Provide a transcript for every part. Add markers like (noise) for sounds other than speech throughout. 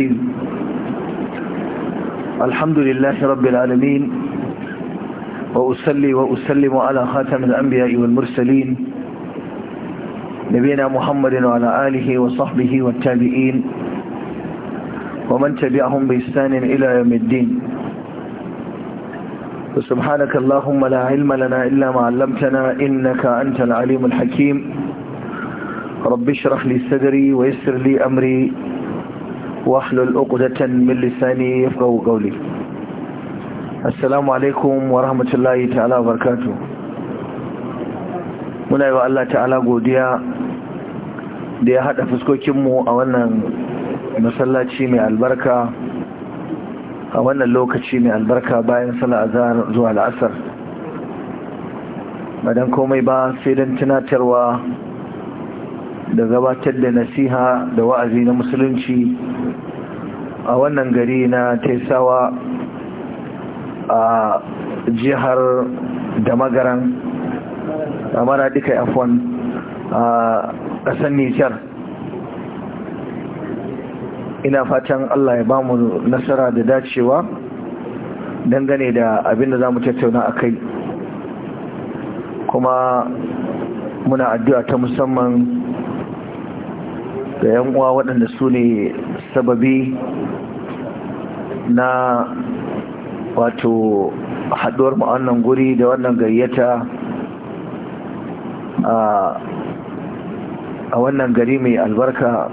الرحيم الحمد لله رب العالمين وأسلي وأسلم على خاتم الأنبياء والمرسلين نبينا محمد وعلى آله وصحبه والتابعين ومن تبعهم بإحسان إلى يوم الدين وسبحانك اللهم لا علم لنا إلا ما علمتنا إنك أنت العليم الحكيم رب اشرح لي صدري ويسر لي أمري واحلل عقدة من لساني يفقهوا قولي السلام alaikum wa rahmatullahi ta'ala barkatu muna yi wa Allah ta'ala godiya da ya haɗa fuskokinmu a wannan masallaci mai albarka a wannan lokaci mai albarka bayan sala'azar zuwa la'asar ba don komai ba sai don tunatarwa da gabatar da nasiha da wa'azi na musulunci a wannan gari na taisawa a jihar da magaran a mara duka afon a ƙasar nijar ina fatan allah ya bamu nasara da dacewa dangane da abinda za mu tattauna a kai kuma muna addu'a ta musamman da yan uwa waɗanda su ne sababi na wato haɗuwar mu guri da wannan gayyata a wannan gari mai albarka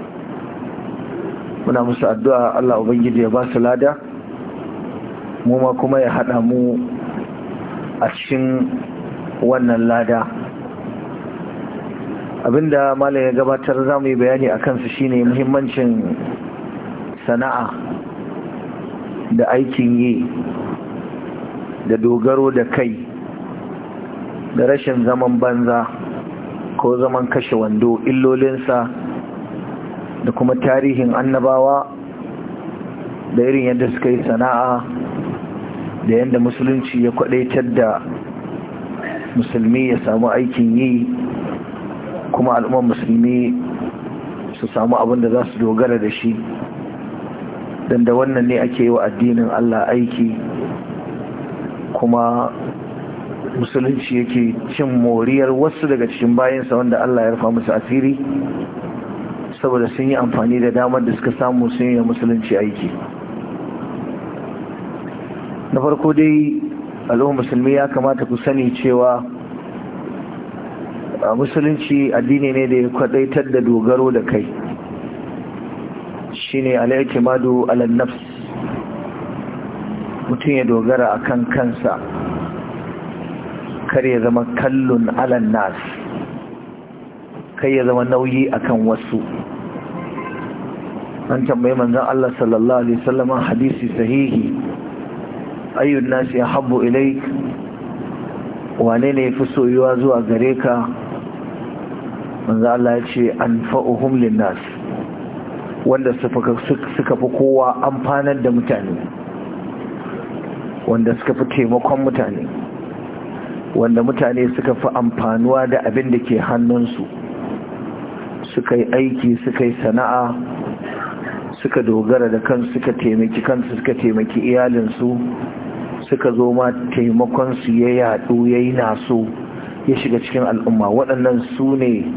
muna musu addu'a Allah Ubangiji ya ba su lada mu ma kuma ya haɗa mu a cikin wannan lada abinda malam ya gabatar za mu yi bayani a kansu shine muhimmancin sana'a da aikin yi da dogaro da kai da rashin zaman banza ko zaman kashe wando illolinsa da kuma tarihin annabawa da irin yadda suka yi sana'a da yadda musulunci ya kwadaitar da musulmi ya samu aikin yi kuma al'ummar musulmi su samu abin da za su dogara da shi don da wannan ne ake yi wa addinin allah aiki kuma musulunci yake cin moriyar wasu daga cikin bayansa wanda allah ya rufa musu asiri saboda sun yi amfani da damar da suka samu sun yi musulunci aiki na farko dai al'ummar musulmi ya kamata ku sani cewa A musulunci addini ne da ya kwadaitar da dogaro da kai shine alaitimadu madu alannafs mutum ya dogara a kan kansa kar ya zama kallon alannas kai ya zama nauyi akan wasu an tambayi manzan Allah sallallahu alaihi wasallam hadisi sahihi ayyun ya yahabbu ilai. wane ne fi soyuwa zuwa gare ka manzo Allah ya ce anfa'uhum linnas wanda suka fi kowa amfanar da mutane wanda suka fi taimakon mutane wanda mutane suka fi amfanuwa da abin da ke hannunsu suka yi aiki suka yi sana'a suka dogara da kansu suka taimaki kansu suka taimaki iyalinsu suka zo ma taimakonsu ya yaɗu ya yi naso ya shiga cikin al'umma waɗannan su ne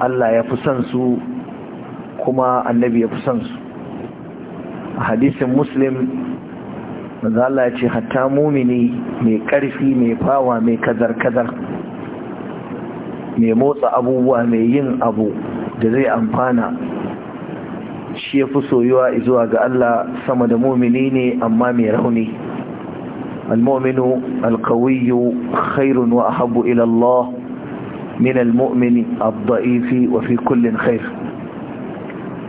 Allah ya fi son su kuma annabi ya fi son su a hadisin muslim manzo Allah ya ce hatta mumini mai ƙarfi, mai fawa mai kazar-kazar mai motsa abubuwa mai yin abu da zai amfana shi ya fi soyuwa zuwa ga Allah sama da mumini ne amma mai rauni al-muminu al-qawiyyu khairun wa ahabbu ila Allah من المؤمن الضعيف وفي كل خير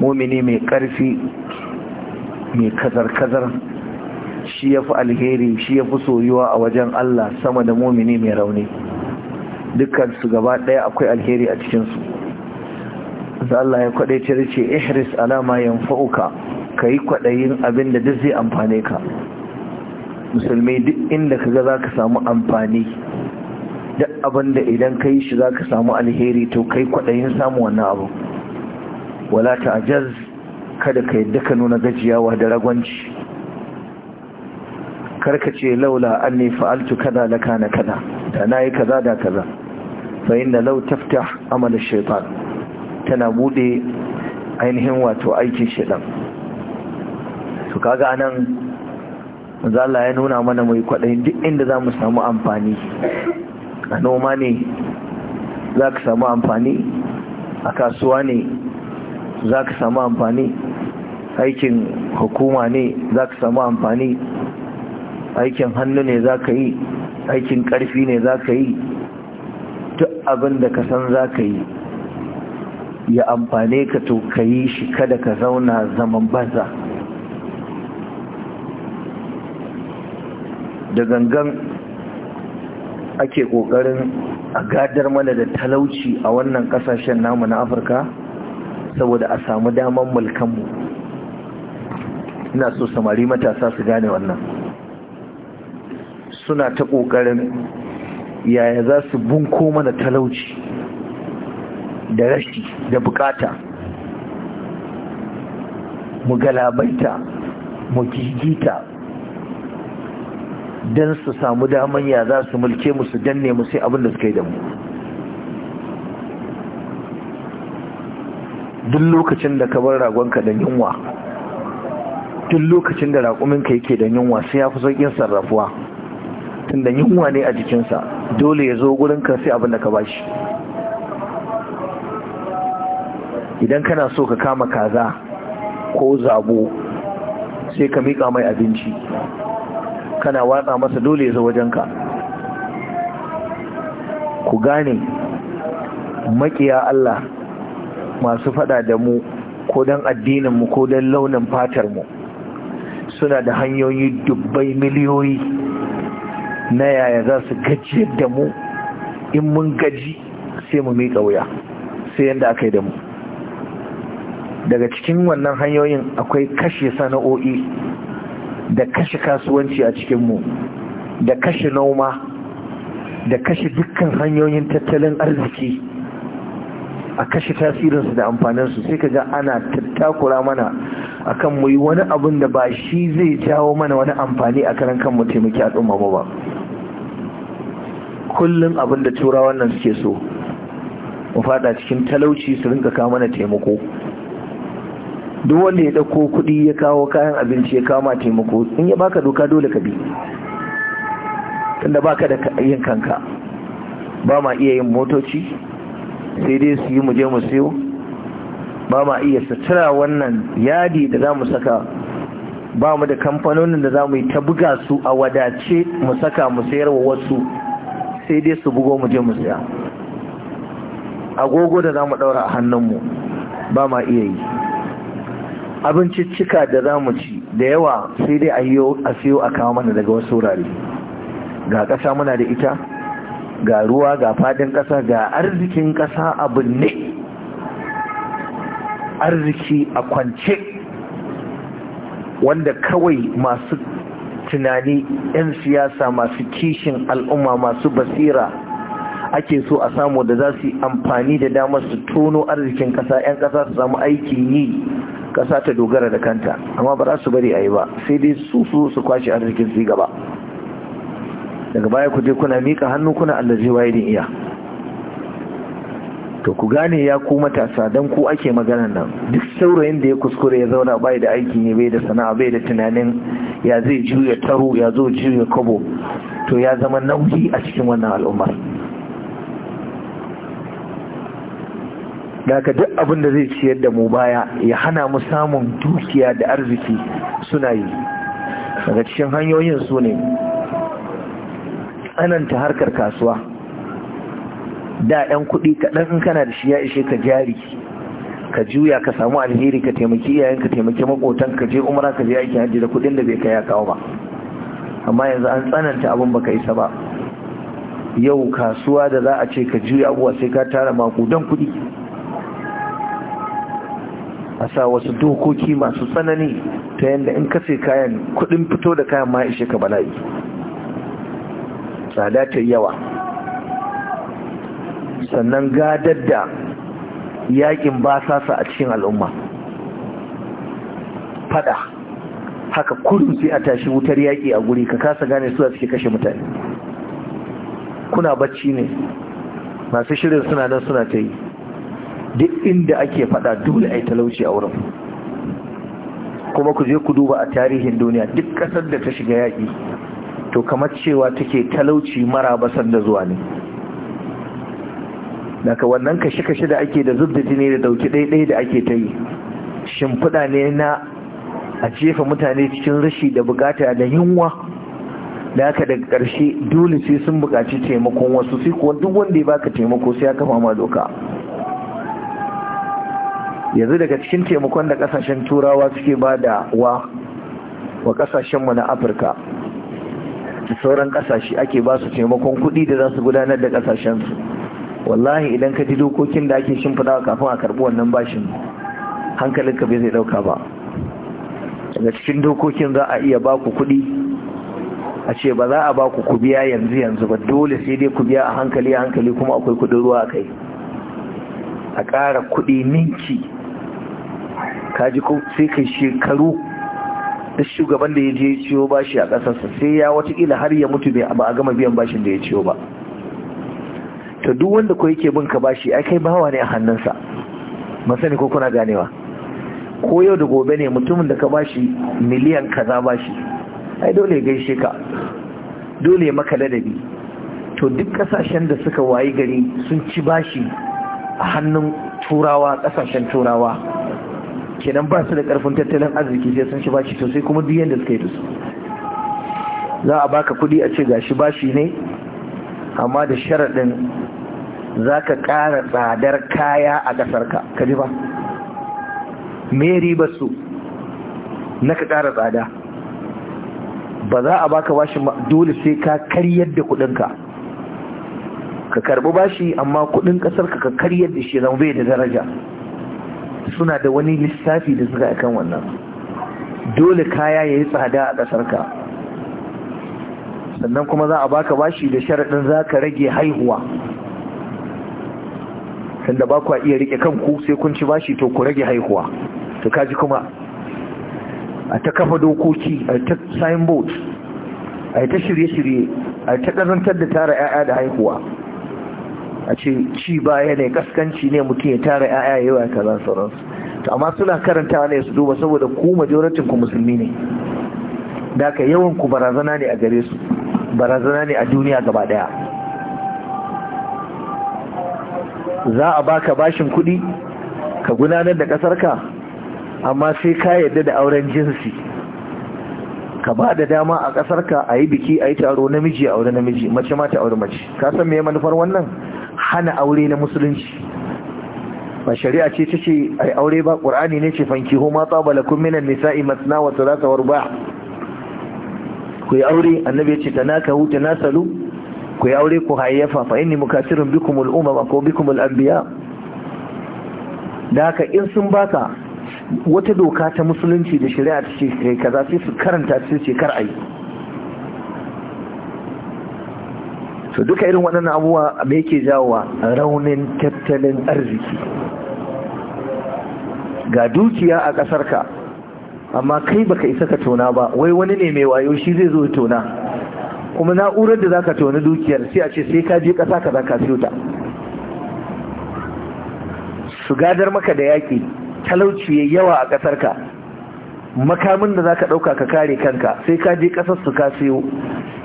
مؤمني مي كرفي مي كذر كذر shi ya fi alheri shi ya fi soyuwa a wajen Allah sama da mumini mai rauni dukansu gaba ɗaya akwai alheri a cikinsu da Allah ya kwaɗe circe ihris alama yan fa'uka ka yi kwaɗayin abin da duk zai amfane ka musulmi duk inda ka ga za ka samu amfani duk abin da idan ka yi shi za ka samu alheri to kai kwaɗayin samu wannan abu wala ta ta'ajaz kada ka yadda ka nuna gajiyawa da ragwanci karka ce laula ne fa'altu kada la kana kaza da na yi kaza da kaza fa da lau tafta amal shaitan tana bude ainihin wato aikin shaytan Su kaga anan manzo ya nuna mana mai kwaɗayin duk inda za mu samu amfani a noma ne za ka samu amfani a kasuwa ne za ka samu amfani aikin hukuma ne za ka samu amfani aikin hannu ne za ka yi aikin ƙarfi ne za ka yi duk abin da ka san za ka yi ya amfane ka to ka yi shi kada ka zauna zaman banza da gangan ake kokarin a gadar mana da talauci a wannan kasashen namu na afirka saboda a samu daman mulkanmu ina so samari matasa su gane wannan suna ta kokarin yaya za su bunko mana talauci da rashi da bukata mu galabaita mu gigita don su samu daman ya za su mulke musu danne musu sai abin da suka yi da mu duk lokacin da ka bar ragonka da yunwa duk lokacin da raƙuminka yake da yunwa sai ya fi sauƙin sarrafuwa tun da yunwa ne a jikinsa dole ya zo gurinka sai abin da ka bashi idan kana so ka kama kaza ko zabo sai ka miƙa mai abinci kana watsa masa dole ya zo ka, ku gane makiya Allah masu fada da mu ko dan addinin mu ko dan launin fatar mu suna da hanyoyi dubbai miliyoyi na yaya za su gajiyar da mu in mun gaji sai mu miƙa wuya sai yadda aka yi da mu daga cikin wannan hanyoyin akwai kashe sana'o'i da kashe kasuwanci a cikinmu da kashe noma da kashe dukkan hanyoyin tattalin arziki a kashe tasirinsu da amfaninsu sai ka ga ana tattakura mana akan mu yi wani abin da ba shi zai jawo mana wani amfani a karan kanmu taimaki al'umma ba kullum abin da turawan nan suke so mu fada cikin talauci su rinka kawo mana taimako duk wanda ya dauko kuɗi ya kawo kayan abinci ya kawo taimako in ya baka doka dole ka bi tunda baka da yin kanka ba ma iya yin motoci sai dai su yi muje mu siyo ba ma iya sutura wannan yadi da za mu saka ba mu da kamfanonin da za mu yi ta buga su a wadace mu saka mu sayar wa wasu sai dai su bugo mu je mu siya, agogo da za mu daura a hannunmu ba ma iya yi abinciccika da za mu ci da yawa sai dai a siyo a kawo mana daga wasu wurare ga ƙasa muna da ita ga ruwa ga fadin ƙasa ga arzikin ƙasa abin ne arziki a kwance wanda kawai masu tunani 'yan siyasa masu kishin al'umma masu basira ake so a samu da za su yi amfani da damar su tono arzikin ƙasa 'yan ƙasa su samu aikin yi Kasa ta dogara da kanta amma ba za su bari a yi ba sai dai su su su kwashe arzikin su gaba daga baya ku je kuna miƙa hannu kuna waye din iya to ku gane ya ku matasa don ku ake maganan nan duk saurayin da ya kuskure ya zauna bai da aiki ne bai da sana'a bai da tunanin ya zai juya taro ya zo juya kobo to ya zama nauyi a cikin wannan al'ummar daga duk abin da zai ciyar da mu baya ya hana mu samun dukiya da arziki suna yi daga cikin hanyoyin su ne tsananta harkar kasuwa da 'yan kuɗi kaɗan in kana da shi ya ishe ka jari ka juya ka samu alheri ka taimaki iyayen ka taimaki makotan ka je umara ka je aikin hajji da kuɗin da bai kai ya kawo ba amma yanzu an tsananta abin ba ka isa ba yau kasuwa da za a ce ka juya abuwa sai ka tara makudan kuɗi a sa wasu dokoki masu tsanani ta yadda in kase kayan kudin fito da kayan ma ka bala'i tsada ta yawa sannan gadar da yakin ba sa a cikin al'umma fada haka kurin sai a tashi wutar yaki a guri ka kasa gane su a suke kashe mutane kuna bacci ne masu shirin suna nan suna ta yi duk inda ake fada dole a talauci a wurin kuma ku je ku duba a tarihin duniya duk kasar da ta shiga yaƙi to kamar cewa take talauci mara basan da zuwa ne daga wannan kashe-kashe da ake da zub da jini da dauki ɗaiɗai da ake ta yi shimfiɗa ne na a jefa mutane cikin rashi da bukata da yunwa da aka daga ƙarshe dole sai sun buƙaci taimakon wasu sai kuwa duk wanda ya baka taimako sai ya kafa ma doka yanzu daga cikin taimakon da kasashen turawa suke ba da wa wa kasashenmu na afirka da sauran kasashe ake ba su taimakon kuɗi da za su gudanar da kasashen su, wallahi idan ka ji dokokin da ake shimfiɗawa kafin a karbi wannan bashin hankalinka bai zai ɗauka ba daga cikin dokokin za a iya ba ku kuɗi a ce ba za a ba ku biya yanzu yanzu ba dole sai dai ku biya a hankali a hankali kuma akwai kuɗin ruwa kai a ƙara kuɗi ninki kaji ko sai kai shekaru da shugaban da ya je ciyo bashi a ƙasarsa sai ya watakila har ya mutu ba a gama biyan bashin da ya ciyo ba to duk wanda ko yake bin ka bashi ai kai bawa ne a hannunsa masani ko kuna ganewa ko yau da gobe ne mutumin da ka bashi miliyan kaza bashi ai dole ya gaishe ka dole ya maka ladabi to duk kasashen da suka wayi gari sun ci bashi a hannun turawa kasashen turawa kenan ba su da karfin tattalin arziki sai sun shi bashi sosai, kuma duk yadda suka yi da su za a baka kudi a ce gashi bashi ne amma da sharaɗin za ka ƙara tsadar kaya a ƙasarka ka ji ba me ribar su na ka ƙara tsada ba za a baka bashi dole sai ka karyar da kudinka ka karɓi bashi amma kudin ƙasarka ka karyar da shi zan bai da daraja suna da wani lissafi da suka akan wannan dole kaya ya yi tsada a ƙasar ka. sannan kuma za a baka bashi da sharaɗin za ka rage haihuwa tunda ba ku iya riƙe kan ku sai kun ci bashi to ku rage haihuwa to kaji kuma a ta kafa dokoki a ta signboard a ta shirye-shirye a ta ƙazantar da tara 'ya'ya da haihuwa a ce ci baya ne kaskanci ne mutum ya tara ya'ya yawa kaza sauransu to amma suna karanta ne su duba saboda ku majoratin ku musulmi ne da ka yawan ku barazana ne a gare su barazana ne a duniya gaba daya za a baka bashin kuɗi ka gudanar da ka, amma sai ka yadda da auren jinsi ka ba da dama a ka a yi biki a yi taro namiji a aure namiji mace mata aure mace ka san me manufar wannan hana aure na musulunci ba shari'a ce ta ce ai aure ba ƙur'ani ne ce fanki ho ma tsabalakun minan nisa'i matsina za ta warba ku yi aure annabi ya ce ta naka hutu na salu ku yi aure ku hayyafa fa inni mukasirin bikumul umar ko bikumul ambiya da haka in sun baka wata doka ta musulunci da shari'a ta ce kai kaza sai su karanta su ce kar ayi so duka irin waɗannan abuwa me yake a raunin tattalin arziki ga dukiya a ƙasarka amma kai baka isa ka tona ba wai wani ne mai wayo shi zai zo ya tona kuma na'urar da za ka tona dukiyar sai a ce sai ka je ƙasa ka za ka siyo su gadar maka da yaƙi talauci yawa a ƙasarka makamin da zaka ɗauka ka kare kanka sai ka je kasar su ka siyo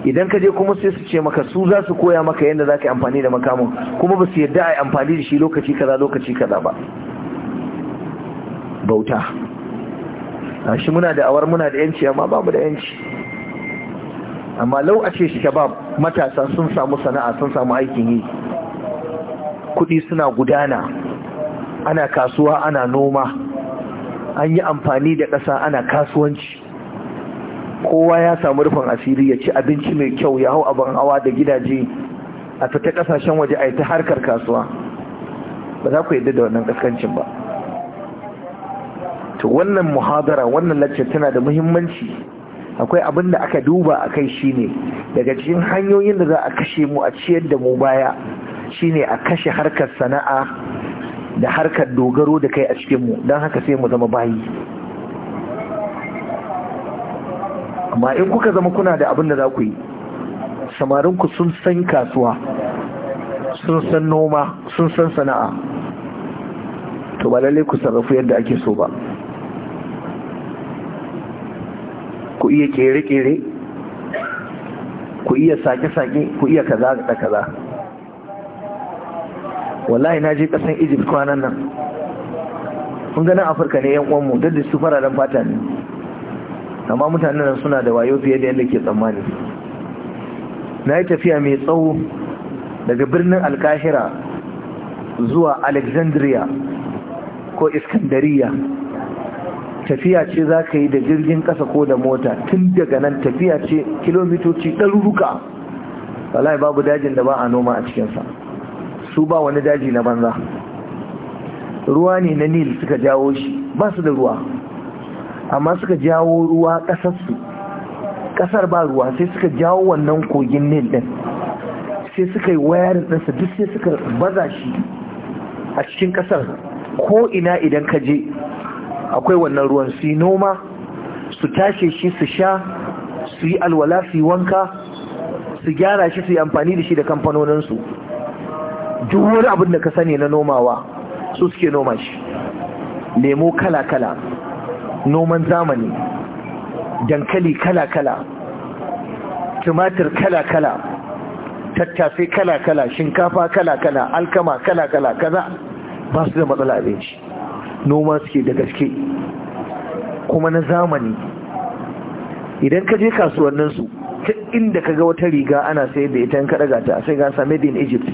idan ka je kuma sai su ce maka su za su koya maka yadda za ka yi amfani da makamin kuma ba su yadda a yi amfani da shi lokaci kaza lokaci kaza ba bauta a shi muna da awar muna da yanci amma ba mu da yanci amma lau a ce shabab matasa sun samu sana'a sun samu aikin yi kudi suna gudana ana kasuwa ana noma an yi amfani da ƙasa ana kasuwanci kowa ya samu rufin asiri ya ci abinci mai kyau ya hau abin hawa da gidaje a fita ƙasashen waje a yi ta harkar kasuwa ba za ku yadda da wannan ƙaskancin ba to wannan muhadara wannan laccar tana da muhimmanci akwai abin da aka duba a kai shine daga cikin hanyoyin da za a kashe mu a ciyar da mu baya shine a kashe harkar sana'a da harkar dogaro da kai a cikinmu don haka sai mu zama bayi amma in kuka zama kuna da abin da za ku yi samarinku sun san kasuwa sun san noma sun san sana'a to ba lalle ku sarrafu yadda ake so ba ku iya kere-kere ku iya sake-sake ku iya kaza da kaza wallahi na je kasan egypt kwanan nan kun ganin afirka ne yan uwanmu duk da su fararen fata ne amma mutanen nan suna da wayo fiye da yadda ke tsammani na yi tafiya mai tsawo daga birnin alkahira zuwa alexandria ko iskandariya tafiya ce za ka yi da jirgin ƙasa ko da mota tun daga nan tafiya ce kilomitoci ɗaruruka wallahi babu dajin da ba a noma a cikinsa su ba wani daji na banza ruwa ne na nil suka jawo shi ba su da ruwa amma suka jawo ruwa ƙasarsu ƙasar ba ruwa sai suka jawo wannan kogin nil ɗin sai suka yi wayar ɗansa duk sai suka baza shi a cikin ƙasar ko ina idan ka je akwai wannan ruwan su yi noma su tashe shi su sha su yi alwala su yi wanka su gyara shi su yi amfani da shi da kamfanoninsu duk abin da ka sani na nomawa su suke noma shi lemo kala-kala noman zamani dankali kala-kala tumatir kala-kala tattafe kala-kala shinkafa kala-kala alkama kala-kala kaza ba su da matsala abinci noma suke da gaske kuma na zamani idan ka je kasuwanninsu ta inda ka ga wata riga ana sayar da ita in ka daga ta sai ga same in egypt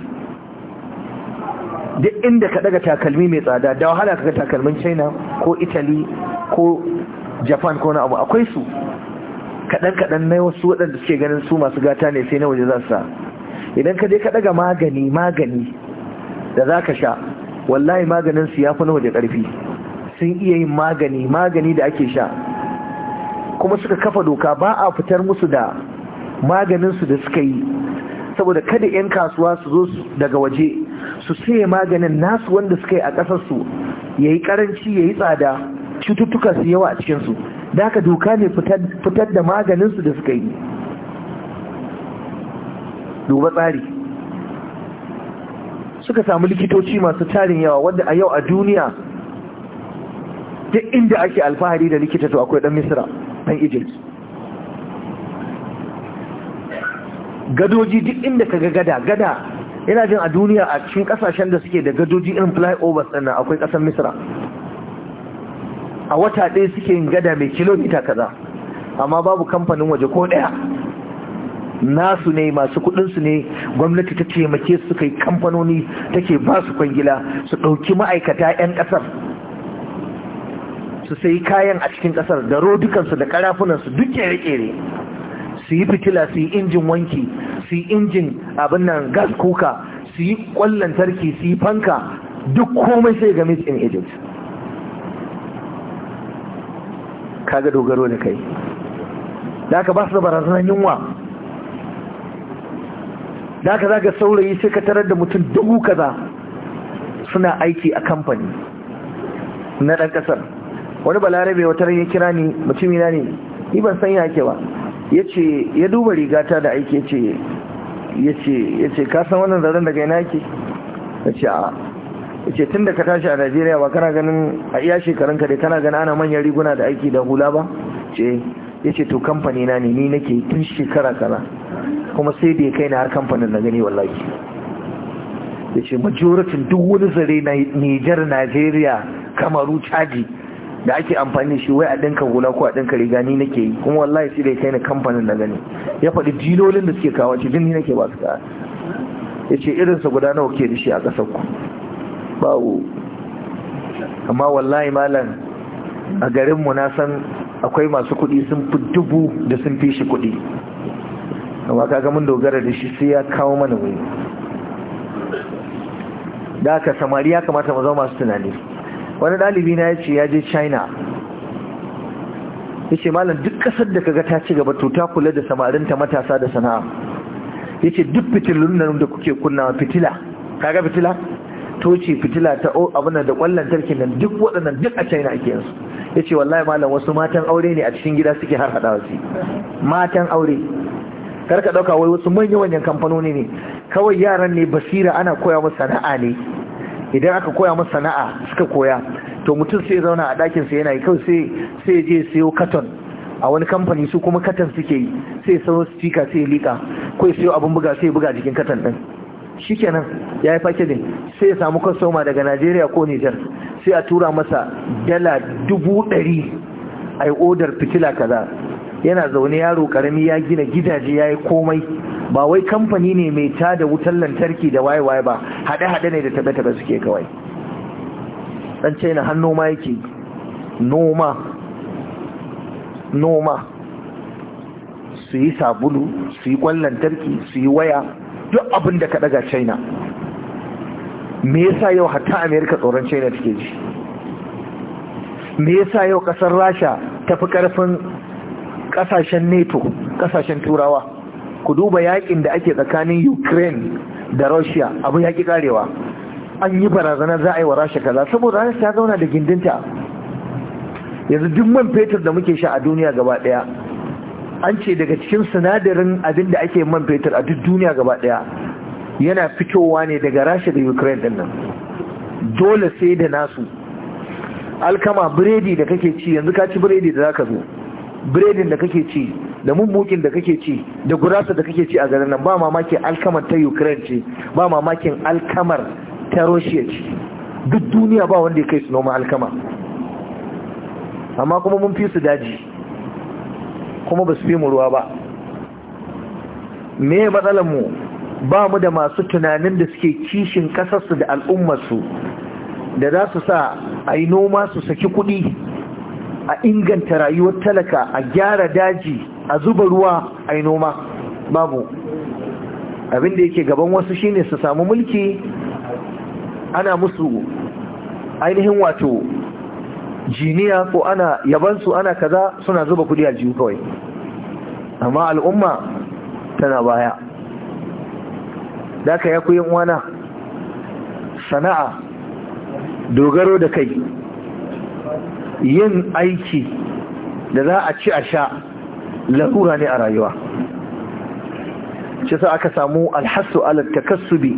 duk inda ka daga takalmi mai tsada da wahala ka ga takalmin china ko italy ko japan ko na abu akwai su kaɗan-kaɗan na wasu waɗanda suke ganin su masu gata ne sai na waje za sa idan ka je ka daga magani magani da za ka sha wallahi maganin su ya fi na waje ƙarfi sun iya yin magani magani da ake sha kuma suka kafa doka ba a fitar musu da maganin su da suka yi saboda kada 'yan kasuwa su zo daga waje su sai maganin nasu wanda suka yi a ƙasarsu ya yi ƙaranci ya yi tsada cututtuka su yawa a cikinsu da aka doka ne fitar da maganinsu da suka yi duba tsari suka samu likitoci masu tarin yawa wanda a yau a duniya duk inda ake alfahari da likita to akwai ɗan misira ɗan egypt gadoji duk inda ka ga gada gada Yana jin a duniya a cikin kasashen da suke da gadoji irin flyovers din nan akwai kasar misra a wata ɗaya suke yin gada mai kilomita kaza amma babu kamfanin waje ko ɗaya nasu ne masu kudinsu ne gwamnati ta taimake su kai kamfanoni take ba su kwangila su ɗauki ma'aikata 'yan ƙasar su sayi kayan a cikin ƙasar da rodukansu da ƙarafunansu duk kere-kere su yi fitila su yi injin wanki su yi injin abin nan gas kuka su yi kwallon tarki su yi fanka duk komai sai ga in egypt kaga dogaro da kai da aka ba su da barazanar yunwa da aka zaga saurayi sai ka tarar da mutum dubu kaza suna aiki a kamfani na ɗan ƙasar wani balarabe wata ya kira ni mutumina ne ni ban san yake ba ya ce ya duba rigata da aiki ya ce kasan wannan zaren daga yana ke ya ce a ya ce tun da ka tashi a najeriya ba kana ganin a iya shekarun ka kana ganin ana manyan riguna da aiki da hula ba ce ya ce to kamfani na ne ni nake tun shekara kana kuma sai da ya kai na har kamfanin na gani wallahi ya ce majoratin duk wani zare na nijar najeriya kamaru caji da ake amfani shi wai a ɗinka hula ko a ɗinka riga ni nake yi kuma wallahi sai dai kai ni kamfanin na gani ya faɗi jilolin da suke kawo shi jin ni nake ba su ka ya ce irinsa guda nawa ke da shi a ƙasar ku bawo amma wallahi malam a garinmu na san akwai masu kuɗi sun fi dubu da sun fi shi kuɗi amma kaga mun dogara da shi sai ya kawo mana wuri da aka samari ya kamata mu zama masu tunani wani dalibi na ya ce ya je china ya ce malam duk ƙasar da kaga ta ci gaba to ta kula da samarinta matasa da sana'a ya ce duk fitilun nan da kuke kunna fitila kaga fitila to ce fitila ta abin da kwallon tarkin nan duk waɗannan duk a china ake yansu ya ce wallahi malam wasu matan aure ne a cikin gida suke har haɗa wasu matan aure karka ɗauka wai wasu manyan manyan kamfanoni ne kawai yaran ne basira ana koya musu sana'a ne idan aka koya masa sana'a suka koya to mutum sai zauna a ɗakin sa yana yi kawai sai sai je sayo katon a wani kamfani su kuma katon suke yi sai sayo speaker sai lika ko ya sayo abin buga sai buga jikin katon din shikenan ya yi fakidin sai ya samu kwastoma daga Najeriya ko Nijar sai a tura masa dala dubu ɗari a yi odar fitila kaza yana zaune yaro karami ya gina gidaje ya yi komai ba wai kamfani ne mai ta da wutar lantarki da waye-waye ba haɗe-haɗe ne da taɓe-taɓe suke kawai ɗan china har yake noma noma su yi sabulu su yi kwallon lantarki su yi waya duk abin da ka daga china me yasa yau hatta Amerika tsoron china take ji me yasa yau kasar rasha tafi karfin kasashen neto ƙasashen turawa ku duba yakin da ake tsakanin ukraine da russia abu ya ki karewa an yi barazanar za a yi wa rasha kaza saboda rasha ta zauna da gindinta yanzu duk man fetur da muke sha a duniya gaba daya an ce daga cikin sinadarin abin da ake man fetur a duk duniya gaba daya yana fitowa ne daga rasha da ukraine din nan dole sai da nasu alkama biredi da kake ci yanzu ka ci biredi da zaka zo biredin da kake ci da mummukin da kake ci da gurasa da kake ci a garin nan ba mamakin alkamar ta ukraine ce ba mamakin alkamar ta russia ce duk duniya ba wanda ya kai su noma alkama amma kuma mun fi su daji kuma ba su fi mu ruwa ba me matsalar mu ba mu da masu tunanin da suke kishin kasarsu da al'ummarsu da za su sa a yi noma su saki kuɗi a inganta rayuwar talaka a gyara daji a zuba ruwa a noma babu abinda yake gaban wasu shine su samu mulki ana musu ainihin wato jiniya ko ana yabansu ana kaza suna zuba kudi a jiwu kawai amma al'umma tana baya da ka ya kuyin wana sana'a dogaro da kai yin aiki da za a ci a sha larura ne a rayuwa shi sa aka samu alhassu ala takassubi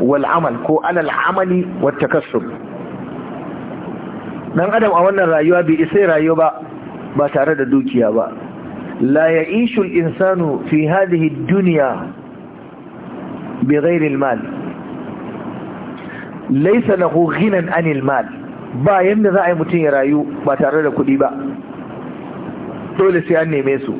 wal amal ko ala al'amali wa takassub dan adam a wannan rayuwa bai isa rayuwa ba ba tare da dukiya ba la ya'ishu al-insanu fi hadhihi duniya dunya bighayri al-mal laysa lahu ghinan 'anil mal ba yanda za a yi mutum ya rayu ba tare da kuɗi ba dole sai an neme su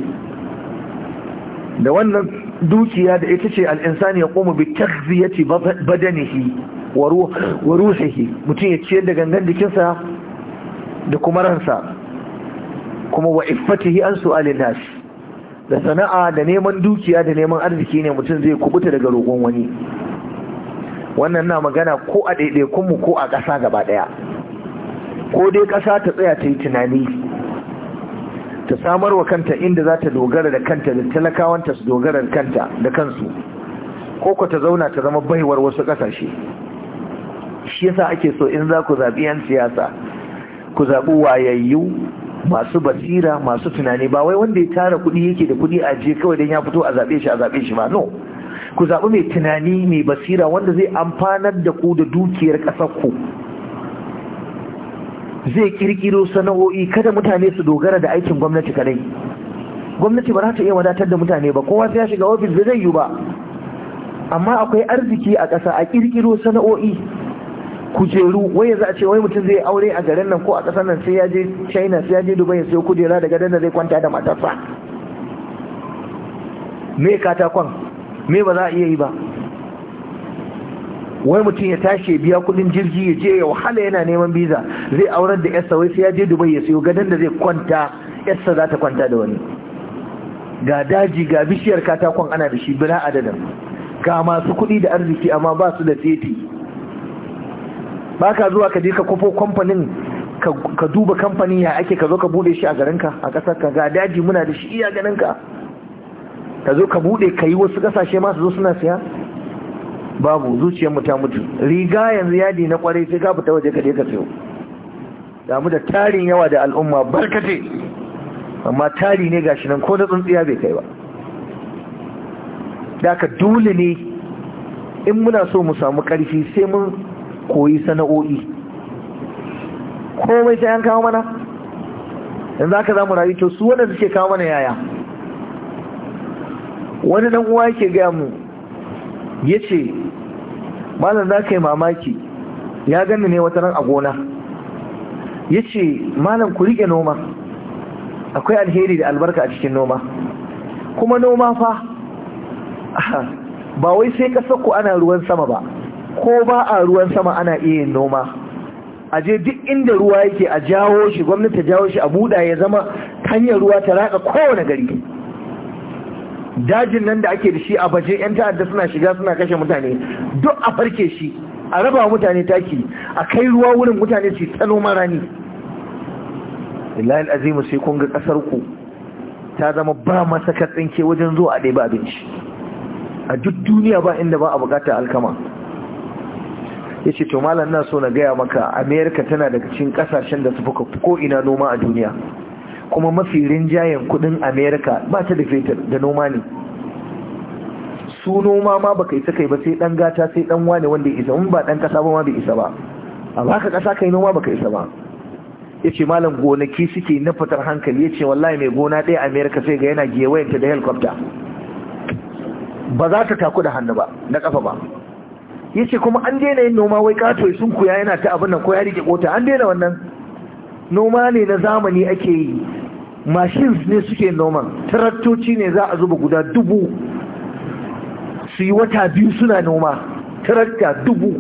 da wannan dukiya da ita ce al'insani ya ƙomu bi takziyati badanihi wa ruhihi mutum ya ciyar da gangan jikinsa da kuma ransa kuma wa iffatihi an su alinas da sana'a da neman dukiya da neman arziki ne mutum zai kubuta daga rogon wani wannan na magana ko a ɗaiɗaikunmu ko a ƙasa gaba ɗaya ko dai ƙasa ta tsaya ta yi tunani ta samar wa kanta inda za ta dogara da kanta da talakawanta su dogara da kanta da kansu ko ta zauna ta zama baiwar wasu kasashe shi yasa ake so in za ku zaɓi 'yan siyasa ku zaɓi wayayyu masu basira masu tunani ba wai wanda ya tara kuɗi yake da kuɗi a je kawai don ya fito a zaɓe shi a zaɓe shi ba no ku zaɓi mai tunani mai basira wanda zai amfanar da ku da dukiyar ƙasar ku zai kirkiro sana'o'i kada mutane su dogara da aikin gwamnati kadai gwamnati ba za ta iya wadatar da mutane ba kowa sai ya shiga ofis ba zai yi ba amma akwai arziki a ƙasa a kirkiro sana'o'i kujeru wai za a ce wai mutum zai aure a garin nan ko a ƙasar nan sai ya je china sai ya je dubai sai kujera daga nan da zai kwanta da matarsa me katakon me ba za a iya yi ba wai mutum ya tashi ya biya kudin jirgi ya je ya wahala yana neman biza zai aurar da yasa wai sai ya je dubai ya siyo gadon da zai kwanta yasa za ta kwanta da wani ga daji ga bishiyar katakon ana da shi bila adadin ga masu kuɗi da arziki amma ba su da titi ba ka zuwa ka je ka kofo kamfanin ka duba kamfanin ya ake ka zo ka bude shi a garinka a ka ga daji muna da shi iya garinka ka zo ka bude ka yi wasu kasashe masu zo suna siya babu zuciyar mu ta mutu riga yanzu yadi na kwarai sai ka fita waje ka je ka sayo damu da tarin yawa da al'umma barkate amma tari ne gashi nan ko na tsuntsiya bai kai ba daga dole ne in muna so mu samu karfi sai mun koyi sana'o'i komai sai an kawo mana yanzu aka za mu rayu to su wanda suke kawo mana yaya wani dan uwa yake gaya mu ya ce malar za ka mamaki ya gani ne wata ran a gona ya ce malam ku riƙe noma akwai alheri da albarka a cikin noma kuma noma fa ba wai sai ka ku ana ruwan sama ba ko ba a ruwan sama ana iya yin noma a je duk inda ruwa yake a jawo shi gwamnati jawo shi a buɗa ya zama hanyar ruwa ta raka kowane gari dajin nan da ake da shi a baje yan ta'adda suna shiga suna kashe mutane duk a farke shi a raba mutane taki a kai ruwa wurin mutane su tsano rani. lillahi azimu sai kun ga kasar ku ta zama ba masakar tsinke wajen zo a ɗaya abinci a duk duniya ba inda ba a bukata alkama ya ce to malam na so na gaya maka amerika tana daga cikin kasashen da su fuka ina noma a duniya kuma mafi rinjayen kudin america ba ta da fetur da noma ne su noma ma ka isa kai ba sai dan gata sai dan wane wanda isa mun ba dan kasa ba ma bai isa ba amma ka kasa kai noma baka isa ba yace malam gonaki suke na fitar hankali yace wallahi mai gona ɗaya america sai ga yana gewayenta da helicopter ba za ta taku da hannu ba na kafa ba yace kuma an daina yin noma wai kato sun kuya yana ta abin nan ko ya rike kota an daina wannan noma ne na zamani ake yi mashins ne suke noman taraktoci ne za a zuba guda dubu su yi wata biyu suna noma tarakta dubu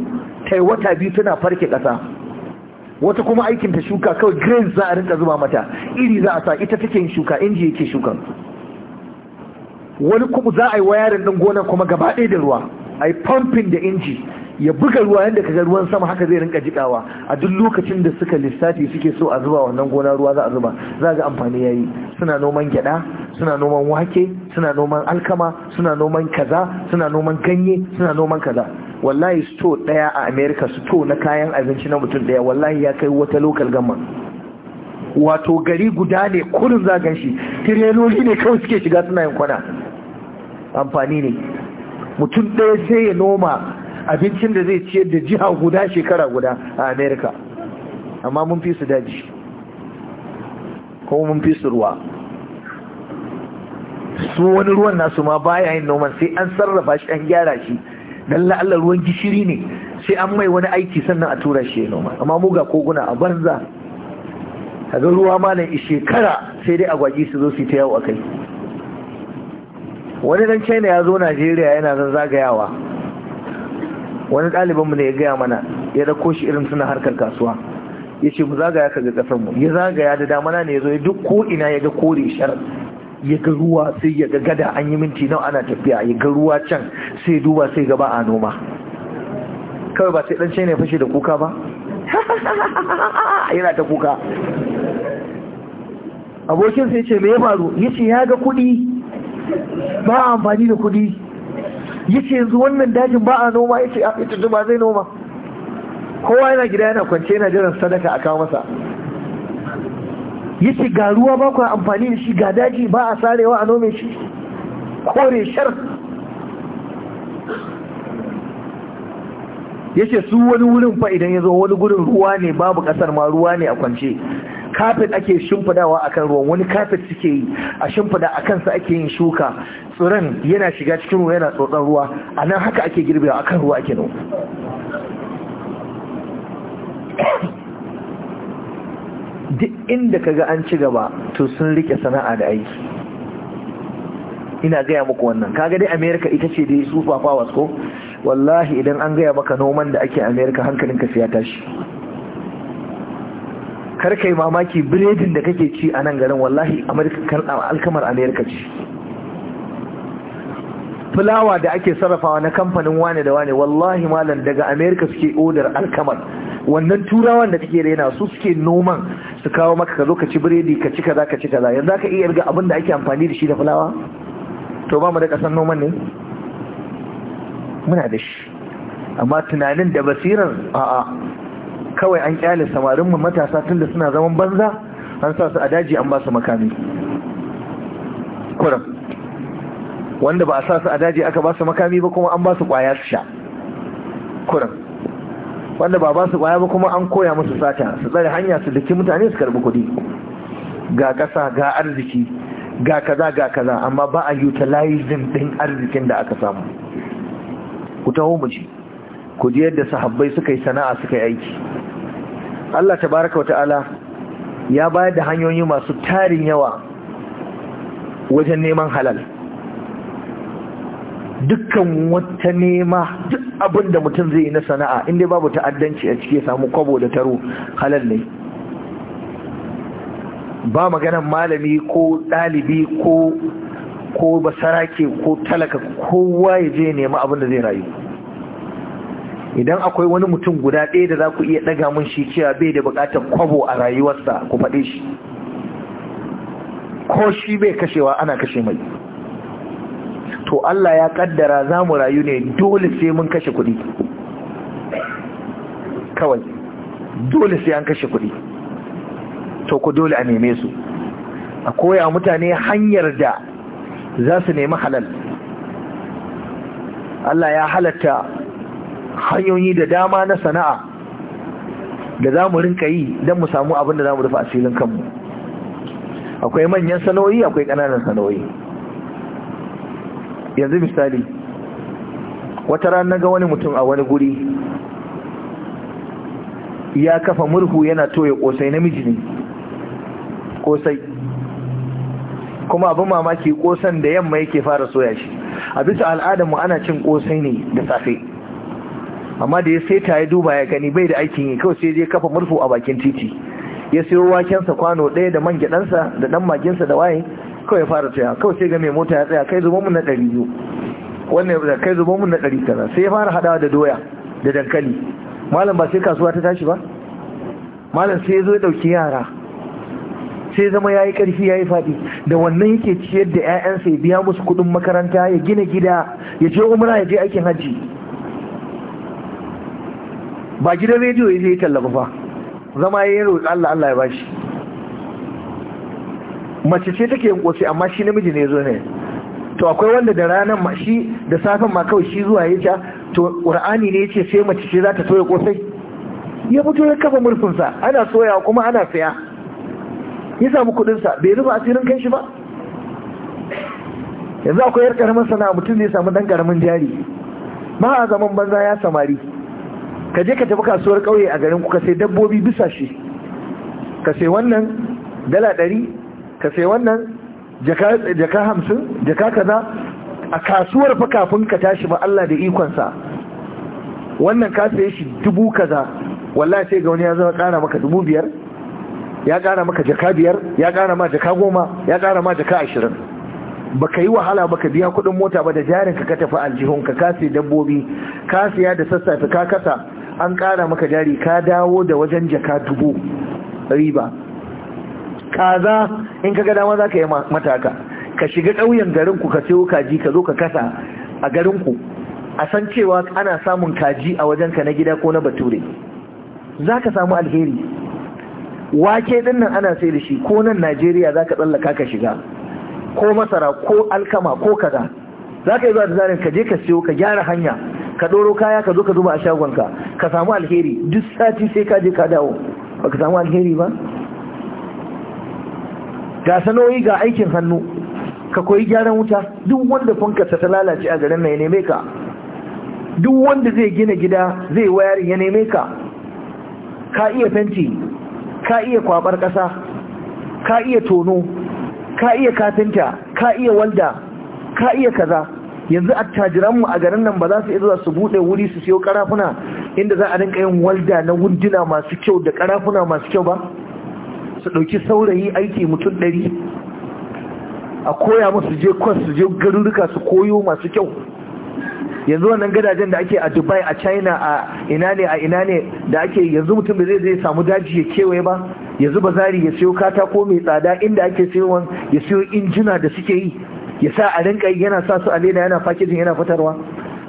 ta yi wata biyu tana farke ƙasa wata kuma aikin ta shuka kawai grains za a rinka zuba mata iri za a sa ita take yin shuka inji yake shukan wani kuma za a yi wayarin ɗin gonar kuma gaba ɗaya da ruwa a yi pumping da inji ya buga ruwa yadda kaga ruwan sama haka zai rinka jikawa a duk lokacin da suka lissafi suke so a zuba wannan gona ruwa za a zuba za ga amfani yayi suna noman gyada suna noman wake suna noman alkama suna noman kaza suna noman ganye suna noman kaza wallahi sto daya a America sto na kayan abinci na mutum daya wallahi ya kai wata local gamma wato gari guda ne kurin zagan shi tireloli ne kawai suke shiga suna yin kwana amfani ne mutum ɗaya sai ya noma abincin da zai ciyar da jiha guda shekara guda a Amerika, amma mun fi su daji kuma mun fi su ruwa su wani ruwan nasu ma baya yin noman sai an sarrafa shi an gyara shi dan la'allar ruwan gishiri ne sai an mai wani aiki sannan a tura shi noma amma mu koguna a banza ga ruwa malam shekara sai dai agwaji su zo su ta a kai. wani dan China ya zo Najeriya yana zan zagayawa wani ɗalibanmu ne ya gaya mana ya dauko shi irin suna harkar kasuwa ya ce mu zagaya ka ga ƙasar mu ya zagaya da damana ne ya zo ya duk ko ina ya ga kore shar ya ga ruwa sai ya ga gada an yi minti nawa ana tafiya ya ga ruwa can sai duba sai gaba a noma kawai ba sai ɗan ne ya fashe da kuka ba (laughs) yana ta kuka abokin sai ce me ya faru ya ce ya ga kuɗi ba amfani da kuɗi ce yanzu wannan dajin ba a noma yace a ita ba zai noma kowa yana gida yana kwance yana jiran sadaka a kawo masa ce ga ruwa ba ku amfani da shi ga daji ba a sarewa a nome shi kore shar yace su wani wurin fa idan ya zo wani gudun ruwa ne babu kasar ma ruwa ne a kwance kafet ake shimfidawa akan ruwan wani kafet suke yi a shimfida a kansa ake yin shuka tsoron yana shiga cikin ruwa yana tsotsar ruwa a nan haka ake girbewa akan ruwa ake nau (coughs) duk inda kaga an ci gaba to sun rike sana'a da aiki ina gaya muku wannan kaga dai Amerika ita ce dai su Fafawa ko wallahi idan an gaya maka noman da ake america hankalinka sai ya tashi kar kai mamaki biredin da kake ci a nan garin wallahi alkamar amerika ce fulawa da ake sarrafawa na kamfanin wane da wane wallahi malam daga amerika suke odar alkamar wannan turawan da kake raina su suke noman su kawo maka ka zo ka ci biredi ka ci kaza ka ci kaza yanzu ka iya riga abin da ake amfani da shi da fulawa to ba mu da kasan noman ne muna da shi amma tunanin da basirar a'a kawai an kyale samarin mu matasa tun da suna zaman banza an sa su a daji an ba su makami Kuran wanda ba a sa su a daji aka ba su makami ba kuma an ba su kwaya su sha Kuran wanda ba ba su kwaya ba kuma an koya musu sata su tsare hanya su daki mutane su karbi kuɗi ga ƙasa ga arziki ga kaza ga kaza amma ba a utilizing din arzikin da aka samu ku taho mu ji ku ji yadda sahabbai suka yi sana'a suka yi aiki Allah tabaraka wata'ala ya bayar da hanyoyi masu tarin yawa wajen neman halal dukkan wata nema duk abin da mutum zai yi na sana'a inda babu ta'addanci a cike samu kwabo da taro halal ne ba maganan malami ko ɗalibi ko ko basarake ko talaka kowa ya je nema abin da zai rayu idan akwai wani mutum guda ɗaya da za ku iya ɗaga mun shi cewa bai da buƙatar kwabo a rayuwarsa ku faɗe shi ko shi bai kashewa ana kashe mai to Allah ya ƙaddara za mu rayu ne dole sai mun kashe kuɗi kawai dole sai an kashe kuɗi to ku dole a neme su a koya mutane hanyar da za su nemi halal Allah ya halatta hanyoyi da dama na sana'a da za mu rinka yi don mu samu abin da za mu rufe asirin kanmu akwai manyan sanoyi akwai ƙananan sanoyi yanzu misali wata rana ga wani mutum a wani guri ya kafa murhu yana toye kosai namiji ne kosai kuma abin mamaki kosan da yamma yake fara soya shi a bisa al'adarmu ana cin kosai ne da safe amma da ya ta ya duba ya gani bai da aikin yi kawai sai zai kafa murfu a bakin titi ya siyo wakensa kwano ɗaya da man gyaɗansa da ɗan maginsa da waye kawai ya fara tsaya kawai sai ga mai mota ya tsaya kai zuba mun na ɗari biyu wannan ya kai zuba mun na ɗari kaza sai ya fara haɗawa da doya da dankali malam ba sai kasuwa ta tashi ba malam sai ya zo ya ɗauki yara sai zama ya yi ƙarfi ya yi faɗi da wannan yake ciyar da 'ya'yansa ya biya musu kuɗin makaranta ya gina gida ya je umra ya je aikin hajji ba gidan rediyo ya yi tallafa ba zama ya yi roƙi Allah Allah ya bashi mace ce take yin kosi amma shi namiji ne zo ne to akwai wanda da ranar ma shi da safen ma kawai shi zuwa ya ca to qur'ani ne yace sai mace ce za ta soya ƙosai. ya fito ya kafa murfinsa ana soya kuma ana saya ya samu kuɗinsa bai rufe asirin kai shi ba yanzu akwai yar karamin sana'a mutum ne samu dan karamin jari ma a zaman banza ya samari ka je ka tafi kasuwar ƙauye a garin ku ka sai dabbobi bisa shi ka sai wannan dala ɗari ka sai wannan jaka hamsin jaka kaza a kasuwar fa kafin ka tashi ba Allah da ikonsa wannan ka sai shi dubu kaza wallahi sai ga wani ya zama ƙara maka dubu biyar ya ƙara maka jaka biyar ya ƙara ma jaka goma ya ƙara ma jaka ashirin ba ka yi wahala ba ka biya kuɗin mota ba da jarin ka ka tafi aljihunka ka kasi dabbobi ka siya da sassafe ka kasa an ƙara maka jari ka dawo da wajen jaka dubu riba kaza in ka ga dama za ka yi mataka ka shiga ƙauyen garinku ka sayo kaji ka zo ka kasa a garinku a san cewa ana samun kaji a wajen ka na gida ko na bature za ka samu alheri wake din nan ana sai da shi ko nan najeriya za ka tsallaka ka shiga ko masara ko alkama ko kaza za ka yi zuwa da zarin ka je ka siyo ka gyara hanya ka ɗoro kaya ka zo ka zuba a shagonka ka samu alheri duk sati sai ka je ka dawo ba ka samu alheri ba ga sanoyi ga aikin hannu ka koyi gyaran wuta duk wanda funkarsa ta lalace a garin mai neme ka duk wanda zai gina gida zai wayar ya neme ka ka iya fenti ka iya kwabar ƙasa ka iya tono ka iya kafinta ka iya walda ka iya kaza yanzu attajiranmu a garin nan ba za su iya su buɗe wuri su siyo karafuna inda za a rinka yin walda na wunduna masu kyau da karafuna masu kyau ba su ɗauki saurayi aiki mutum ɗari a koya musu je kwas su je garuruka su koyo masu kyau yanzu wannan gadajen da ake a dubai a china a ina ne a ina ne da ake yanzu mutum zai zai samu daji ya kewaye ba yanzu zuba zari ya siyo katako mai tsada inda ake siyowan ya siyo injina da suke yi ya sa a rinka yana sa su a leda yana fakijin yana fitarwa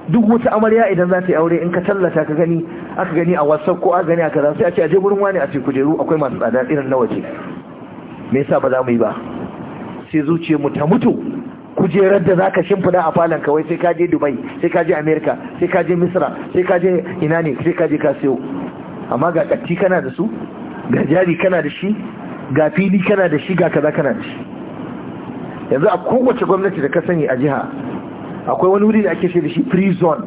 duk wata amarya idan za ta yi aure in ka tallata ka gani aka gani a whatsapp ko aka gani a kaza sai a ce a je gurin wani a ce kujeru akwai masu tsada irin na waje me yasa ba za mu yi ba sai zuciyar mu ta mutu kujerar da zaka shimfida a falon kawai sai ka je Dubai sai ka je America sai ka je Misra sai ka je ina ne sai ka je ka sayo amma ga katti kana da su ga jari kana da shi ga fili kana da shi ga kaza kana da shi yanzu a kowace gwamnati da ka sani a jiha akwai wani wuri da ake shi da shi free zone